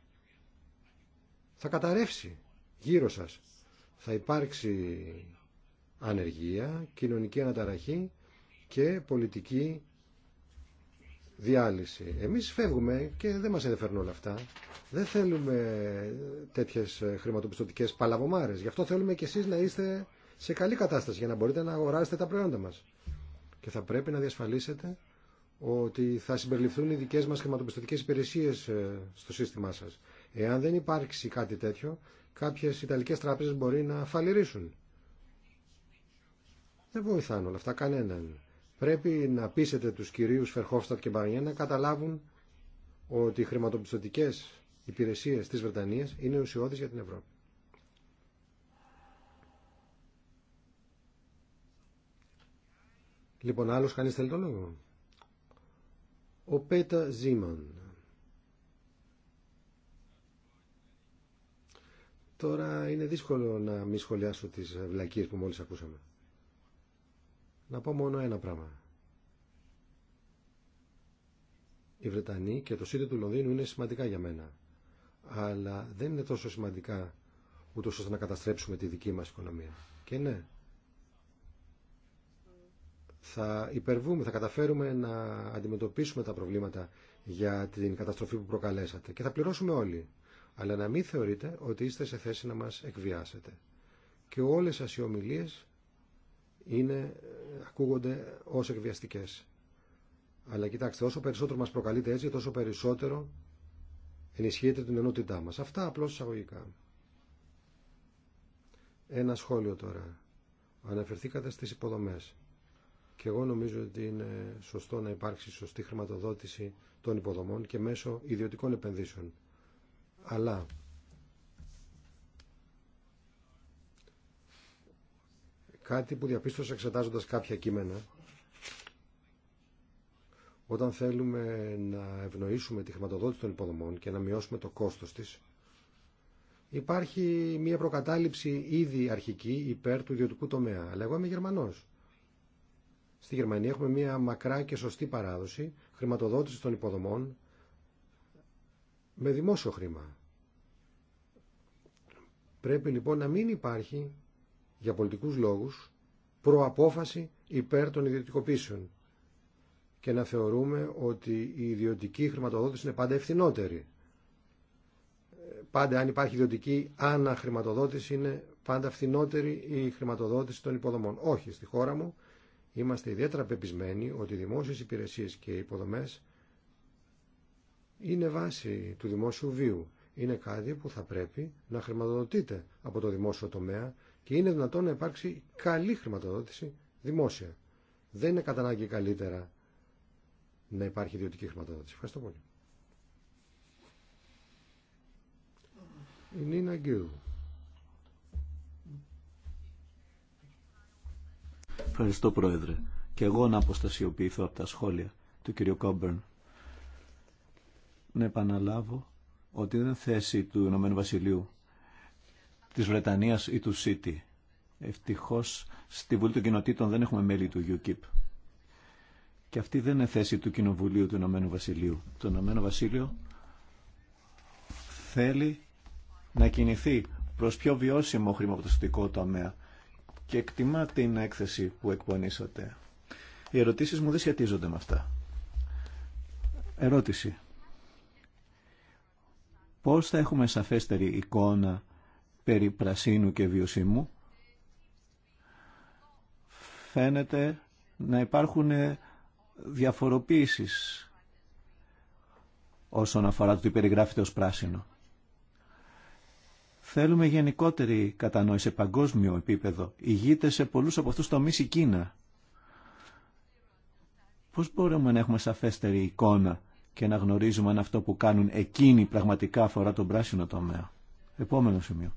Θα καταρρεύσει γύρω σας. Θα υπάρξει ανεργία, κοινωνική αναταραχή και πολιτική διάλυση. Εμείς φεύγουμε και δεν μας ενδιαφέρουν όλα αυτά. Δεν θέλουμε τέτοιες χρηματοπιστωτικές παλαβομάρες. Γι' αυτό θέλουμε και εσείς να είστε σε καλή κατάσταση για να μπορείτε να αγοράσετε τα προϊόντα μας. Και θα πρέπει να διασφαλίσετε ότι θα συμπεριληφθούν οι δικές μας χρηματοπιστωτικές υπηρεσίες ε, στο σύστημά σας. Εάν δεν υπάρξει κάτι τέτοιο, κάποιες Ιταλικές τράπεζες μπορεί να φαλυρίσουν. Δεν βοηθάνε όλα αυτά κανέναν. Πρέπει να πείσετε τους κυρίους Φερχόφστατ και Μπαρνιέ να καταλάβουν ότι οι χρηματοπιστωτικές υπηρεσίες της Βρετανίας είναι ουσιώδεις για την Ευρώπη. Λοιπόν, άλλος κανείς θέλει το λόγο. Ο Πέτα Ζήμαν. Τώρα είναι δύσκολο να μη σχολιάσω τις βλακίες που μόλις ακούσαμε. Να πω μόνο ένα πράγμα. Οι Βρετανοί και το σύνδετο του Λονδίνου είναι σημαντικά για μένα. Αλλά δεν είναι τόσο σημαντικά ούτως ώστε να καταστρέψουμε τη δική μας οικονομία. Και ναι, θα υπερβούμε, θα καταφέρουμε να αντιμετωπίσουμε τα προβλήματα για την καταστροφή που προκαλέσατε και θα πληρώσουμε όλοι. Αλλά να μην θεωρείτε ότι είστε σε θέση να μας εκβιάσετε. Και όλες σας οι ομιλίες είναι, ακούγονται ως εκβιαστικές. Αλλά κοιτάξτε, όσο περισσότερο μας προκαλείτε έτσι, τόσο περισσότερο ενισχύεται την ενότητά μας. Αυτά απλώς εισαγωγικά. Ένα σχόλιο τώρα. Αναφερθήκατε στις υποδομές και εγώ νομίζω ότι είναι σωστό να υπάρξει σωστή χρηματοδότηση των υποδομών και μέσω ιδιωτικών επενδύσεων. Αλλά κάτι που διαπίστωσα εξετάζοντας κάποια κείμενα όταν θέλουμε να ευνοήσουμε τη χρηματοδότηση των υποδομών και να μειώσουμε το κόστος της υπάρχει μια προκατάληψη ήδη αρχική υπέρ του ιδιωτικού τομέα. Αλλά εγώ είμαι Γερμανός Στη Γερμανία έχουμε μια μακρά και σωστή παράδοση χρηματοδότηση των υποδομών με δημόσιο χρήμα. Πρέπει λοιπόν να μην υπάρχει για πολιτικούς λόγους προαπόφαση υπέρ των ιδιωτικοποίησεων και να θεωρούμε ότι η ιδιωτική χρηματοδότηση είναι πάντα ευθυνότερη. Πάντα αν υπάρχει ιδιωτική αναχρηματοδότηση είναι πάντα φθηνότερη η χρηματοδότηση των υποδομών. Όχι, στη χώρα μου Είμαστε ιδιαίτερα πεπισμένοι ότι οι δημόσιες υπηρεσίες και οι υποδομές είναι βάση του δημόσιου βίου. Είναι κάτι που θα πρέπει να χρηματοδοτείται από το δημόσιο τομέα και είναι δυνατόν να υπάρξει καλή χρηματοδότηση δημόσια. Δεν είναι κατά ανάγκη καλύτερα να υπάρχει ιδιωτική χρηματοδότηση. Ευχαριστώ πολύ. Η Νίνα Γκίου. Ευχαριστώ Πρόεδρε. Και εγώ να αποστασιοποιηθώ από τα σχόλια του κ. Κόμπερν. Να επαναλάβω ότι δεν θέση του Ηνωμένου Βασιλείου, της Βρετανίας ή του ΣΥΤΙ. Ευτυχώς στη Βουλή των Κοινοτήτων δεν έχουμε μέλη του UKIP. Και αυτή δεν είναι θέση του Κοινοβουλίου του Ηνωμένου Βασιλείου. Το Ηνωμένο Βασίλειο θέλει να κινηθεί προς πιο βιώσιμο χρηματοστατικό τομέα και εκτιμά την έκθεση που εκπονήσατε. Οι ερωτήσεις μου δεν σχετίζονται με αυτά. Ερώτηση. Πώς θα έχουμε σαφέστερη εικόνα περί πρασίνου και βιωσιμού. Φαίνεται να υπάρχουν διαφοροποίησεις όσον αφορά το τι περιγράφεται ως πράσινο. Θέλουμε γενικότερη κατανόηση σε παγκόσμιο επίπεδο. Υγείται σε πολλούς από αυτούς τομείς η Κίνα. Πώς μπορούμε να έχουμε σαφέστερη εικόνα και να γνωρίζουμε αν αυτό που κάνουν εκείνοι πραγματικά αφορά τον πράσινο τομέα. Επόμενο σημείο.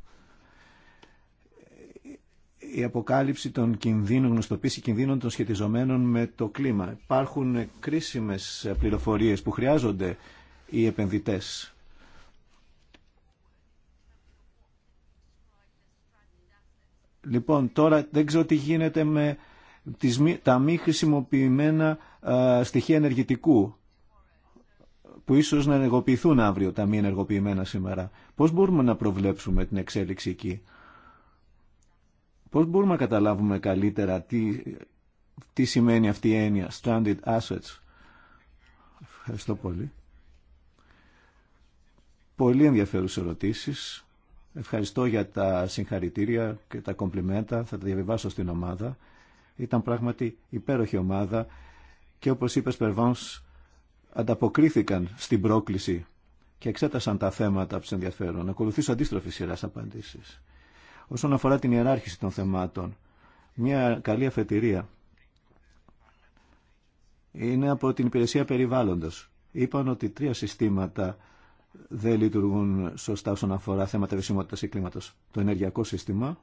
Η αποκάλυψη των κινδύνων, γνωστοποίηση κινδύνων των σχετιζομένων με το κλίμα. Υπάρχουν κρίσιμες πληροφορίες που χρειάζονται οι επενδυτές Λοιπόν, τώρα δεν ξέρω τι γίνεται με τις, τα μη χρησιμοποιημένα στοιχεία ενεργητικού που ίσως να ενεργοποιηθούν αύριο τα μη ενεργοποιημένα σήμερα. Πώς μπορούμε να προβλέψουμε την εξέλιξη εκεί. Πώς μπορούμε να καταλάβουμε καλύτερα τι, τι σημαίνει αυτή η έννοια stranded assets. Ευχαριστώ πολύ. Πολύ ενδιαφέρουσες ερωτήσεις. Ευχαριστώ για τα συγχαρητήρια και τα κομπλιμέντα. Θα τα διαβιβάσω στην ομάδα. Ήταν πράγματι υπέροχη ομάδα και όπως είπες Περβάνς ανταποκρίθηκαν στην πρόκληση και εξέτασαν τα θέματα που σε ενδιαφέρουν. Ακολουθήσω αντίστροφη σειρά απαντήσει. Όσον αφορά την ιεράρχηση των θεμάτων, μια καλή αφετηρία είναι από την υπηρεσία περιβάλλοντος. Είπαν ότι τρία συστήματα δεν λειτουργούν σωστά όσον αφορά θέματα βιωσιμότητας ή κλίματο. Το ενεργειακό σύστημα,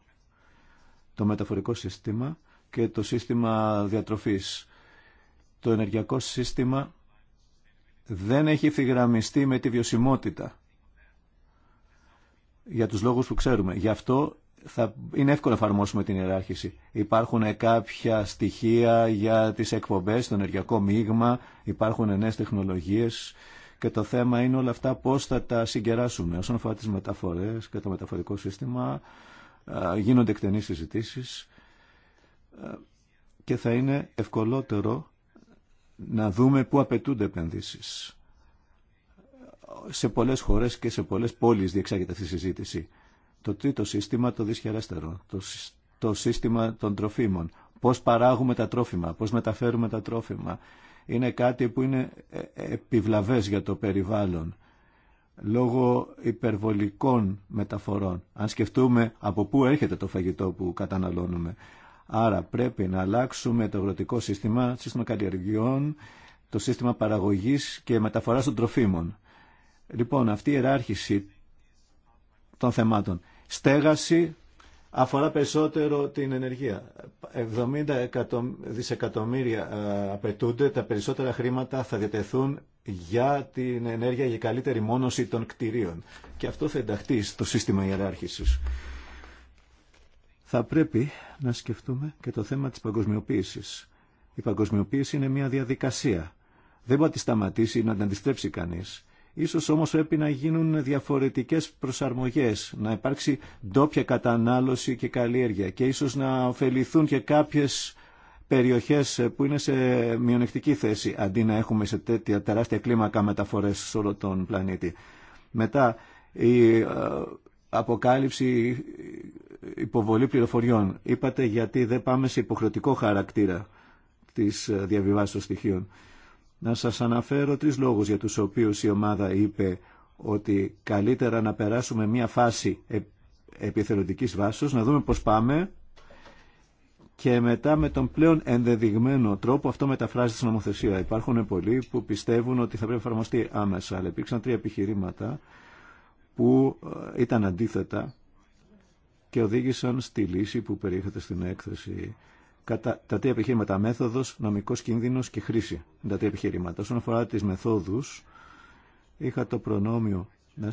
το μεταφορικό σύστημα και το σύστημα διατροφής. Το ενεργειακό σύστημα δεν έχει ευθυγραμμιστεί με τη βιωσιμότητα για τους λόγους που ξέρουμε. Γι' αυτό θα είναι εύκολο να εφαρμόσουμε την ιεράρχηση. Υπάρχουν κάποια στοιχεία για τις εκπομπές, το ενεργειακό μείγμα, υπάρχουν νέες τεχνολογίες και το θέμα είναι όλα αυτά πώς θα τα συγκεράσουμε. Όσον αφορά τις μεταφορές και το μεταφορικό σύστημα, γίνονται εκτενείς συζητήσει και θα είναι ευκολότερο να δούμε πού απαιτούνται επενδύσει Σε πολλές χώρες και σε πολλές πόλεις διεξάγεται αυτή η συζήτηση. Το τρίτο σύστημα, το δυσχερέστερο, το, το σύστημα των τροφίμων. Πώς παράγουμε τα τρόφιμα, πώς μεταφέρουμε τα τρόφιμα είναι κάτι που είναι ε, επιβλαβές για το περιβάλλον λόγω υπερβολικών μεταφορών. Αν σκεφτούμε από πού έρχεται το φαγητό που καταναλώνουμε. Άρα πρέπει να αλλάξουμε το αγροτικό σύστημα, σύστημα καλλιεργιών, το σύστημα παραγωγής και μεταφοράς των τροφίμων. Λοιπόν, αυτή η ιεράρχηση των θεμάτων. Στέγαση αφορά περισσότερο την ενεργεία. 70 δισεκατομμύρια απαιτούνται, τα περισσότερα χρήματα θα διατεθούν για την ενέργεια για καλύτερη μόνωση των κτηρίων. Και αυτό θα ενταχθεί στο σύστημα ιεράρχησης. Θα πρέπει να σκεφτούμε και το θέμα της παγκοσμιοποίησης. Η παγκοσμιοποίηση είναι μια διαδικασία. Δεν μπορεί να τη σταματήσει ή να την αντιστρέψει κανείς. Ίσως όμως πρέπει να γίνουν διαφορετικές προσαρμογές, να υπάρξει ντόπια κατανάλωση και καλλιέργεια και ίσως να ωφεληθούν και κάποιες περιοχές που είναι σε μειονεκτική θέση αντί να έχουμε σε τέτοια τεράστια κλίμακα μεταφορές σε όλο τον πλανήτη. Μετά η ε, αποκάλυψη υποβολή πληροφοριών. Είπατε γιατί δεν πάμε σε υποχρεωτικό χαρακτήρα της ε, διαβιβάσεως στοιχείων. Να σας αναφέρω τρεις λόγους για τους οποίους η ομάδα είπε ότι καλύτερα να περάσουμε μία φάση επιθελοντικής βάσης, να δούμε πώς πάμε και μετά με τον πλέον ενδεδειγμένο τρόπο αυτό μεταφράζεται στην νομοθεσία. Υπάρχουν πολλοί που πιστεύουν ότι θα πρέπει να εφαρμοστεί άμεσα, αλλά υπήρξαν τρία επιχειρήματα που ε, ήταν αντίθετα και οδήγησαν στη λύση που περιέχεται στην έκθεση. Κατά τα τρία επιχείρηματα μέθοδο, νομικό κίνδυνο και χρήση. Τα τρία επιχείρηματα. Όσον αφορά τι μεθόδου, είχα το προνόμιο να,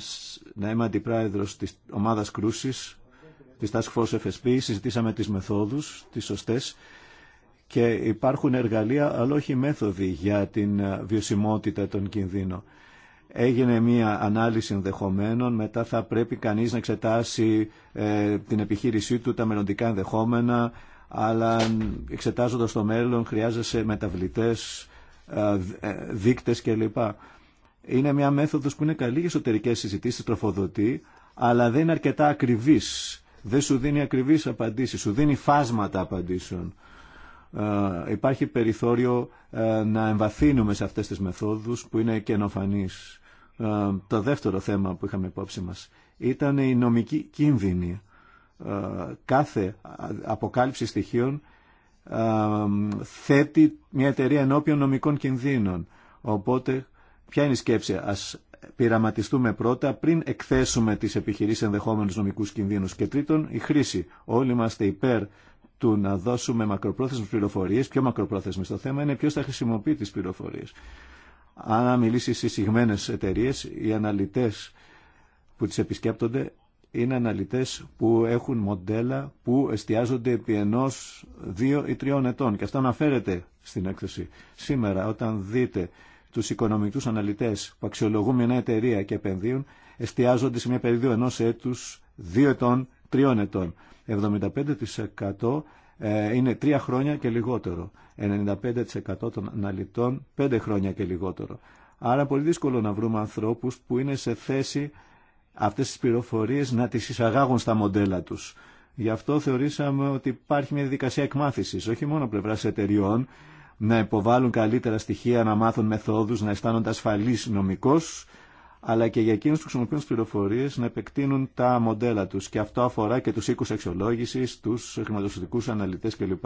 να είμαι αντιπράεδρος της ομάδα Κρούση, της Task Force FSP, συζητήσαμε τις μεθόδου, τις σωστέ, και υπάρχουν εργαλεία αλλά όχι μέθοδοι για την ε, βιωσιμότητα των κινδύνων. Έγινε μία ανάλυση ενδεχομένων, μετά θα πρέπει κανείς να εξετάσει ε, την επιχείρησή του, τα μελλοντικά ενδεχόμενα, αλλά εξετάζοντας το μέλλον χρειάζεσαι μεταβλητές, ε, ε, δείκτες κλπ. Είναι μια μέθοδος που είναι καλή για εσωτερικές συζητήσεις, τροφοδοτεί, αλλά δεν είναι αρκετά ακριβής. Δεν σου δίνει ακριβείς απαντήσεις, σου δίνει φάσματα απαντήσεων. Ε, υπάρχει περιθώριο να εμβαθύνουμε σε αυτές τις μεθόδους που είναι καινοφανείς. το δεύτερο θέμα που είχαμε υπόψη μας ήταν η νομική κίνδυνη. Ε, κάθε αποκάλυψη στοιχείων ε, θέτει μια εταιρεία ενώπιον νομικών κινδύνων. Οπότε, ποια είναι η σκέψη, ας πειραματιστούμε πρώτα πριν εκθέσουμε τις επιχειρήσεις ενδεχόμενους νομικούς κινδύνους. Και τρίτον, η χρήση. Όλοι είμαστε υπέρ του να δώσουμε μακροπρόθεσμες πληροφορίες, πιο μακροπρόθεσμες το θέμα είναι ποιος θα χρησιμοποιεί τις πληροφορίες. Αν μιλήσει στι συγμένες εταιρείε, οι αναλυτές που τις επισκέπτονται είναι αναλυτές που έχουν μοντέλα που εστιάζονται επί ενός, δύο ή τριών ετών και αυτό αναφέρεται στην έκθεση. Σήμερα όταν δείτε τους οικονομικούς αναλυτές που αξιολογούν μια εταιρεία και επενδύουν εστιάζονται σε μια περίοδο ενός έτους, δύο ετών, τριών ετών. 75% ε, είναι τρία χρόνια και λιγότερο. 95% των αναλυτών πέντε χρόνια και λιγότερο. Άρα πολύ δύσκολο να βρούμε ανθρώπους που είναι σε θέση αυτές τις πληροφορίες να τις εισαγάγουν στα μοντέλα τους. Γι' αυτό θεωρήσαμε ότι υπάρχει μια διαδικασία εκμάθησης, όχι μόνο πλευράς εταιριών, να υποβάλουν καλύτερα στοιχεία, να μάθουν μεθόδους, να αισθάνονται ασφαλείς νομικώς, αλλά και για εκείνους που χρησιμοποιούν τις πληροφορίες να επεκτείνουν τα μοντέλα τους. Και αυτό αφορά και τους οίκους αξιολόγησης, τους χρηματοσυντικούς αναλυτές κλπ.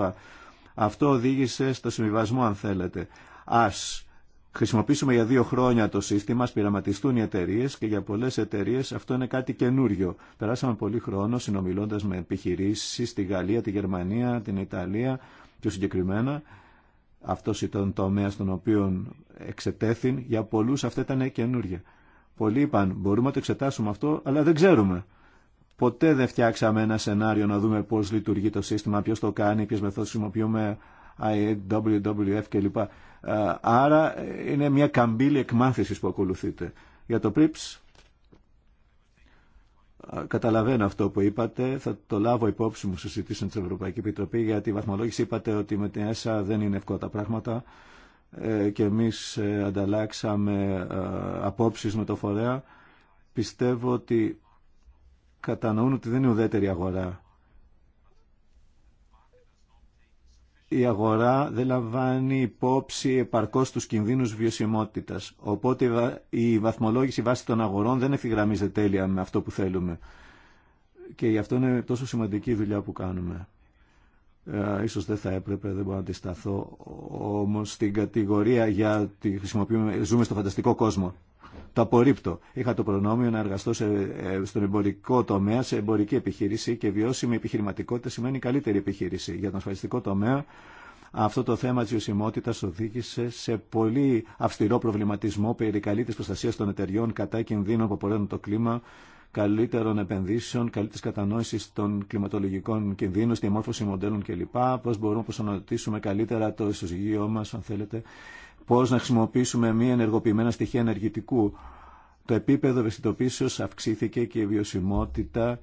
Αυτό οδήγησε στο συμβιβασμό, αν θέλετε. Ας χρησιμοποιήσουμε για δύο χρόνια το σύστημα, πειραματιστούν οι εταιρείε και για πολλέ εταιρείε αυτό είναι κάτι καινούριο. Περάσαμε πολύ χρόνο συνομιλώντα με επιχειρήσει στη Γαλλία, τη Γερμανία, την Ιταλία πιο συγκεκριμένα. Αυτό ήταν το τομέα στον οποίο εξετέθην. Για πολλού αυτά ήταν καινούργια. Πολλοί είπαν μπορούμε να το εξετάσουμε αυτό, αλλά δεν ξέρουμε. Ποτέ δεν φτιάξαμε ένα σενάριο να δούμε πώ λειτουργεί το σύστημα, ποιο το κάνει, ποιε μεθόδου χρησιμοποιούμε, IWWF κλπ. Άρα είναι μια καμπύλη εκμάθησης που ακολουθείτε. Για το PRIPS καταλαβαίνω αυτό που είπατε, θα το λάβω υπόψη μου στους συζητήσεων της Ευρωπαϊκή Επιτροπή γιατί η βαθμολόγηση είπατε ότι με την ΕΣΑ δεν είναι εύκολα τα πράγματα ε, και εμείς ε, ανταλλάξαμε απόψεις με το φορέα. Πιστεύω ότι κατανοούν ότι δεν είναι ουδέτερη αγορά η αγορά δεν λαμβάνει υπόψη επαρκώς τους κινδύνους βιωσιμότητας. Οπότε η βαθμολόγηση βάση των αγορών δεν ευθυγραμμίζεται τέλεια με αυτό που θέλουμε. Και γι' αυτό είναι τόσο σημαντική η δουλειά που κάνουμε. Ε, ίσως δεν θα έπρεπε, δεν μπορώ να αντισταθώ. Όμως στην κατηγορία για τη χρησιμοποιούμε, ζούμε στο φανταστικό κόσμο. Το απορρίπτω. Είχα το προνόμιο να εργαστώ ε, στον εμπορικό τομέα, σε εμπορική επιχείρηση και βιώσιμη επιχειρηματικότητα σημαίνει καλύτερη επιχείρηση. Για τον ασφαλιστικό τομέα αυτό το θέμα τη βιωσιμότητα οδήγησε σε πολύ αυστηρό προβληματισμό περί καλύτερη προστασίας των εταιριών κατά κινδύνων που απορρέουν το κλίμα, καλύτερων επενδύσεων, καλύτερη κατανόηση των κλιματολογικών κινδύνων, στη μόρφωση μοντέλων κλπ. Πώ μπορούμε να προσανατολίσουμε καλύτερα το ισοζυγείο μα, αν θέλετε, πώς να χρησιμοποιήσουμε μη ενεργοποιημένα στοιχεία ενεργητικού. Το επίπεδο ευαισθητοποίησεως αυξήθηκε και η βιωσιμότητα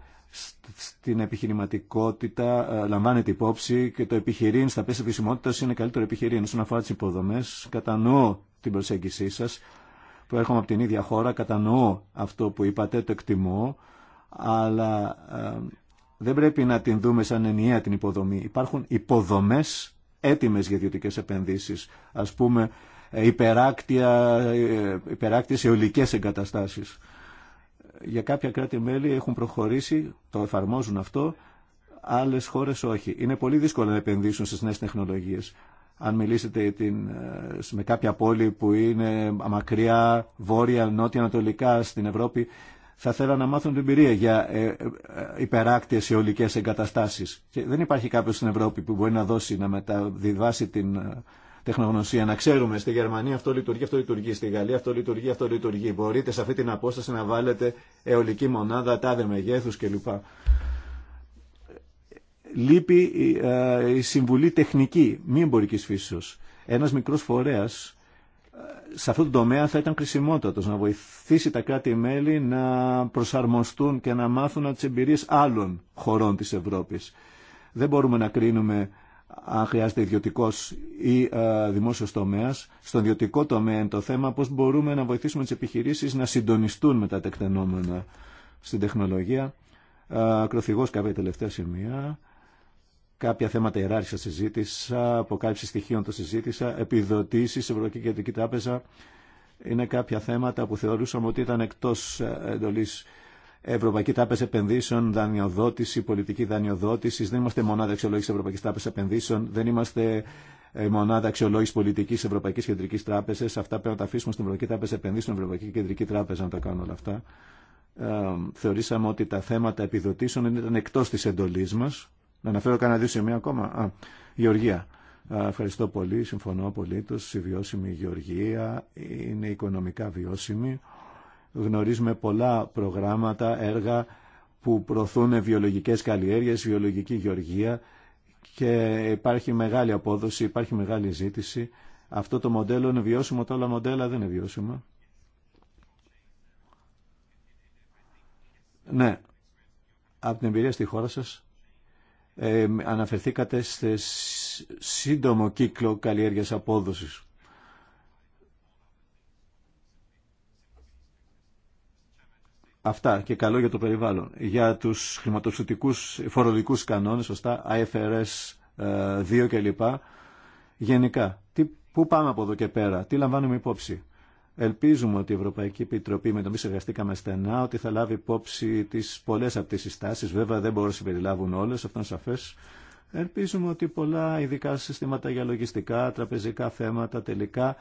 στην επιχειρηματικότητα ε, λαμβάνεται υπόψη και το επιχειρήν στα πλαίσια βιωσιμότητα είναι καλύτερο επιχειρήν. Όσον αφορά τι υποδομέ, κατανοώ την προσέγγιση σα που έρχομαι από την ίδια χώρα, κατανοώ αυτό που είπατε, το εκτιμώ, αλλά ε, δεν πρέπει να την δούμε σαν ενιαία την υποδομή. Υπάρχουν υποδομές έτοιμε, για ιδιωτικέ επενδύσεις. Ας πούμε, υπεράκτια, σε αιωλικές εγκαταστάσεις. Για κάποια κράτη-μέλη έχουν προχωρήσει, το εφαρμόζουν αυτό, άλλες χώρες όχι. Είναι πολύ δύσκολο να επενδύσουν στις νέες τεχνολογίες. Αν μιλήσετε την, ε, με κάποια πόλη που είναι μακριά, βόρεια, νότια, ανατολικά στην Ευρώπη, θα θέλαν να μάθουν την εμπειρία για ε, ε υπεράκτιες αιωλικές εγκαταστάσεις. δεν υπάρχει κάποιος στην Ευρώπη που μπορεί να δώσει, να μεταδιδάσει την ε, τεχνογνωσία. Να ξέρουμε στη Γερμανία αυτό λειτουργεί, αυτό λειτουργεί, στη Γαλλία αυτό λειτουργεί, αυτό λειτουργεί. Μπορείτε σε αυτή την απόσταση να βάλετε αιωλική μονάδα, τάδε μεγέθου κλπ. Λείπει ε, η συμβουλή τεχνική, μη εμπορική φύσεω. Ένα μικρό φορέα ε, σε αυτό το τομέα θα ήταν κρισιμότατος να βοηθήσει τα κράτη-μέλη να προσαρμοστούν και να μάθουν από τις εμπειρίε άλλων χωρών τη Ευρώπη. Δεν μπορούμε να κρίνουμε αν χρειάζεται ιδιωτικό ή ε, δημόσιο τομέα. Στον ιδιωτικό τομέα είναι το θέμα πώ μπορούμε να βοηθήσουμε τι επιχειρήσει να συντονιστούν με τα τεκτενόμενα στην τεχνολογία. Ε, ακροθυγός κάποια τελευταία σημεία. Κάποια θέματα ιεράρχησα συζήτησα, αποκάλυψη στοιχείων το συζήτησα, επιδοτήσει, Ευρωπαϊκή Κεντρική Τράπεζα. Είναι κάποια θέματα που θεωρούσαμε ότι ήταν εκτό ε, εντολή Ευρωπαϊκή Τάπεζα Επενδύσεων, δανειοδότηση, πολιτική δανειοδότηση. Δεν είμαστε μονάδα αξιολόγηση Ευρωπαϊκή Τάπεζα Επενδύσεων, δεν είμαστε ε, μονάδα αξιολόγηση πολιτική Ευρωπαϊκή Κεντρική Τράπεζα. Αυτά πρέπει να τα αφήσουμε στην Ευρωπαϊκή Τάπεζα Επενδύσεων, Ευρωπαϊκή Κεντρική Τράπεζα να τα κάνουν όλα αυτά. Ε, θεωρήσαμε ότι τα θέματα επιδοτήσεων ήταν εκτό τη εντολή μα. Να αναφέρω κανένα δύο σημεία ακόμα. Α, Γεωργία. Ευχαριστώ πολύ, συμφωνώ απολύτω. Η βιώσιμη γεωργία είναι οικονομικά βιώσιμη. Γνωρίζουμε πολλά προγράμματα, έργα που προωθούν βιολογικές καλλιέργειες, βιολογική γεωργία και υπάρχει μεγάλη απόδοση, υπάρχει μεγάλη ζήτηση. Αυτό το μοντέλο είναι βιώσιμο, τα όλα μοντέλα δεν είναι βιώσιμα. Ναι, από την εμπειρία στη χώρα σας ε, αναφερθήκατε σε σύντομο κύκλο καλλιέργειας απόδοσης. Αυτά και καλό για το περιβάλλον. Για τους χρηματοπιστωτικούς φορολογικούς κανόνες, σωστά, IFRS 2 ε, κλπ. Γενικά, τι, πού πάμε από εδώ και πέρα, τι λαμβάνουμε υπόψη. Ελπίζουμε ότι η Ευρωπαϊκή Επιτροπή με το οποίο συνεργαστήκαμε στενά ότι θα λάβει υπόψη τι πολλέ από τι συστάσει. Βέβαια δεν μπορούν να συμπεριλάβουν όλε, αυτό είναι σαφέ. Ελπίζουμε ότι πολλά ειδικά συστήματα για λογιστικά, τραπεζικά θέματα τελικά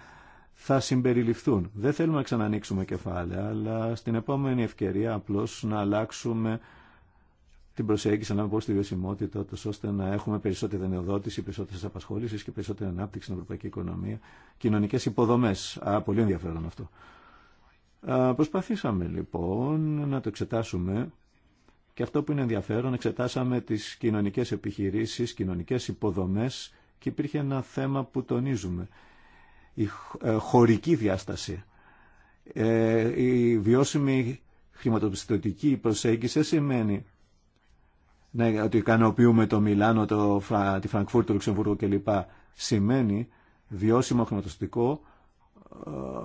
θα συμπεριληφθούν. Δεν θέλουμε να ξανανοίξουμε κεφάλαια, αλλά στην επόμενη ευκαιρία απλώς να αλλάξουμε την προσέγγιση ανάμεσα πω στη βιωσιμότητα, ώστε να έχουμε περισσότερη δανειοδότηση, περισσότερε απασχόλησει και περισσότερη ανάπτυξη στην ευρωπαϊκή οικονομία. Κοινωνικέ υποδομέ. Πολύ ενδιαφέρον αυτό. Α, προσπαθήσαμε λοιπόν να το εξετάσουμε και αυτό που είναι ενδιαφέρον, εξετάσαμε τις κοινωνικές επιχειρήσεις, κοινωνικές υποδομές και υπήρχε ένα θέμα που τονίζουμε η ε, χωρική διάσταση. Ε, η βιώσιμη χρηματοπιστωτική προσέγγιση σημαίνει ναι, ότι ικανοποιούμε το Μιλάνο, το, τη Φραγκφούρτη, το Λουξεμβούργο κλπ. Σημαίνει βιώσιμο χρηματοστικό,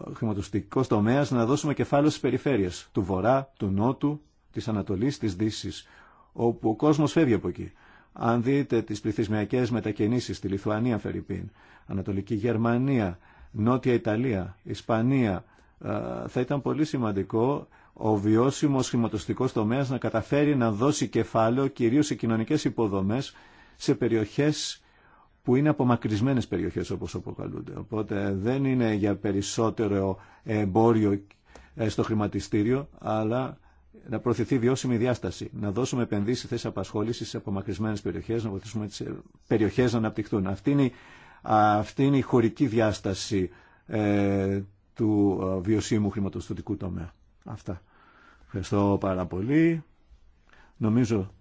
ε, χρηματοστικό τομέα να δώσουμε κεφάλαιο στι περιφέρειε του Βορρά, του Νότου, τη Ανατολή, τη Δύση, όπου ο κόσμο φεύγει από εκεί. Αν δείτε τι πληθυσμιακέ μετακινήσει στη Λιθουανία, Φερρυπίν, Ανατολική Γερμανία, Νότια Ιταλία, Ισπανία. Ε, θα ήταν πολύ σημαντικό ο βιώσιμος χρηματοστικός τομέας να καταφέρει να δώσει κεφάλαιο κυρίως σε κοινωνικές υποδομές σε περιοχές που είναι απομακρυσμένες περιοχές όπως αποκαλούνται. Οπότε δεν είναι για περισσότερο εμπόριο ε, στο χρηματιστήριο, αλλά να προωθηθεί βιώσιμη διάσταση, να δώσουμε επενδύσει θέσει απασχόληση σε απομακρυσμένε περιοχέ, να βοηθήσουμε τι ε, περιοχέ να αναπτυχθούν. Αυτή αυτή είναι η χωρική διάσταση ε, του ε, βιωσίμου χρηματοστοτικού τομέα. Αυτά. Ευχαριστώ πάρα πολύ. Νομίζω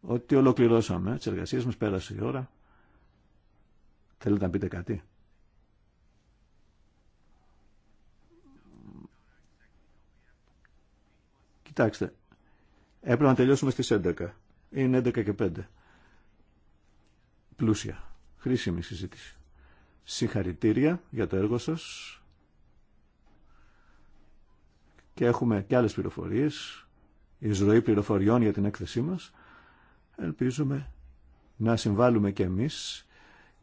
ότι ολοκληρώσαμε τις εργασίες μας, πέρασε η ώρα. Θέλετε να πείτε κάτι. Κοιτάξτε, έπρεπε να τελειώσουμε στις 11. Είναι 11 και 5. Πλούσια. Χρήσιμη συζήτηση. Συγχαρητήρια για το έργο σας. Και έχουμε και άλλες πληροφορίες, η ζωή πληροφοριών για την έκθεσή μας. Ελπίζουμε να συμβάλλουμε και εμείς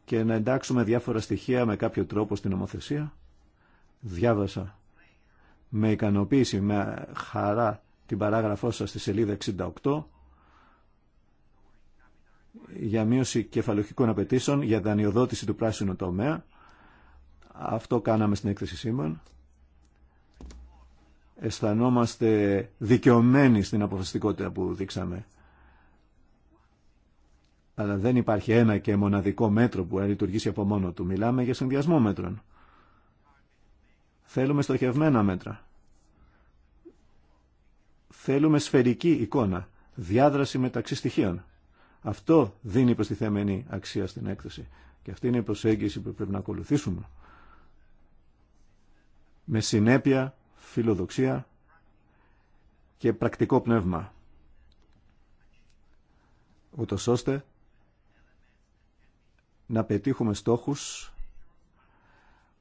και να εντάξουμε διάφορα στοιχεία με κάποιο τρόπο στην ομοθεσία. Διάβασα με ικανοποίηση, με χαρά την παράγραφό σας στη σελίδα 68 για μείωση κεφαλοχικών απαιτήσεων για δανειοδότηση του πράσινου τομέα. Αυτό κάναμε στην έκθεση σήμερα. Αισθανόμαστε δικαιωμένοι στην αποφασιστικότητα που δείξαμε. Αλλά δεν υπάρχει ένα και μοναδικό μέτρο που λειτουργήσει από μόνο του. Μιλάμε για συνδυασμό μέτρων. Θέλουμε στοχευμένα μέτρα. Θέλουμε σφαιρική εικόνα, διάδραση μεταξύ στοιχείων. Αυτό δίνει προστιθέμενη αξία στην έκθεση. Και αυτή είναι η προσέγγιση που πρέπει να ακολουθήσουμε. Με συνέπεια, φιλοδοξία και πρακτικό πνεύμα. Ούτω ώστε να πετύχουμε στόχους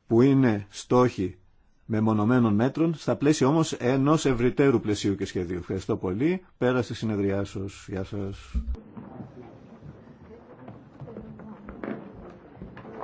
που είναι στόχοι μεμονωμένων μέτρων, στα πλαίσια όμως ενός ευρυτέρου πλαισίου και σχεδίου. Ευχαριστώ πολύ. Πέρασε η συνεδριά σας. Γεια σας.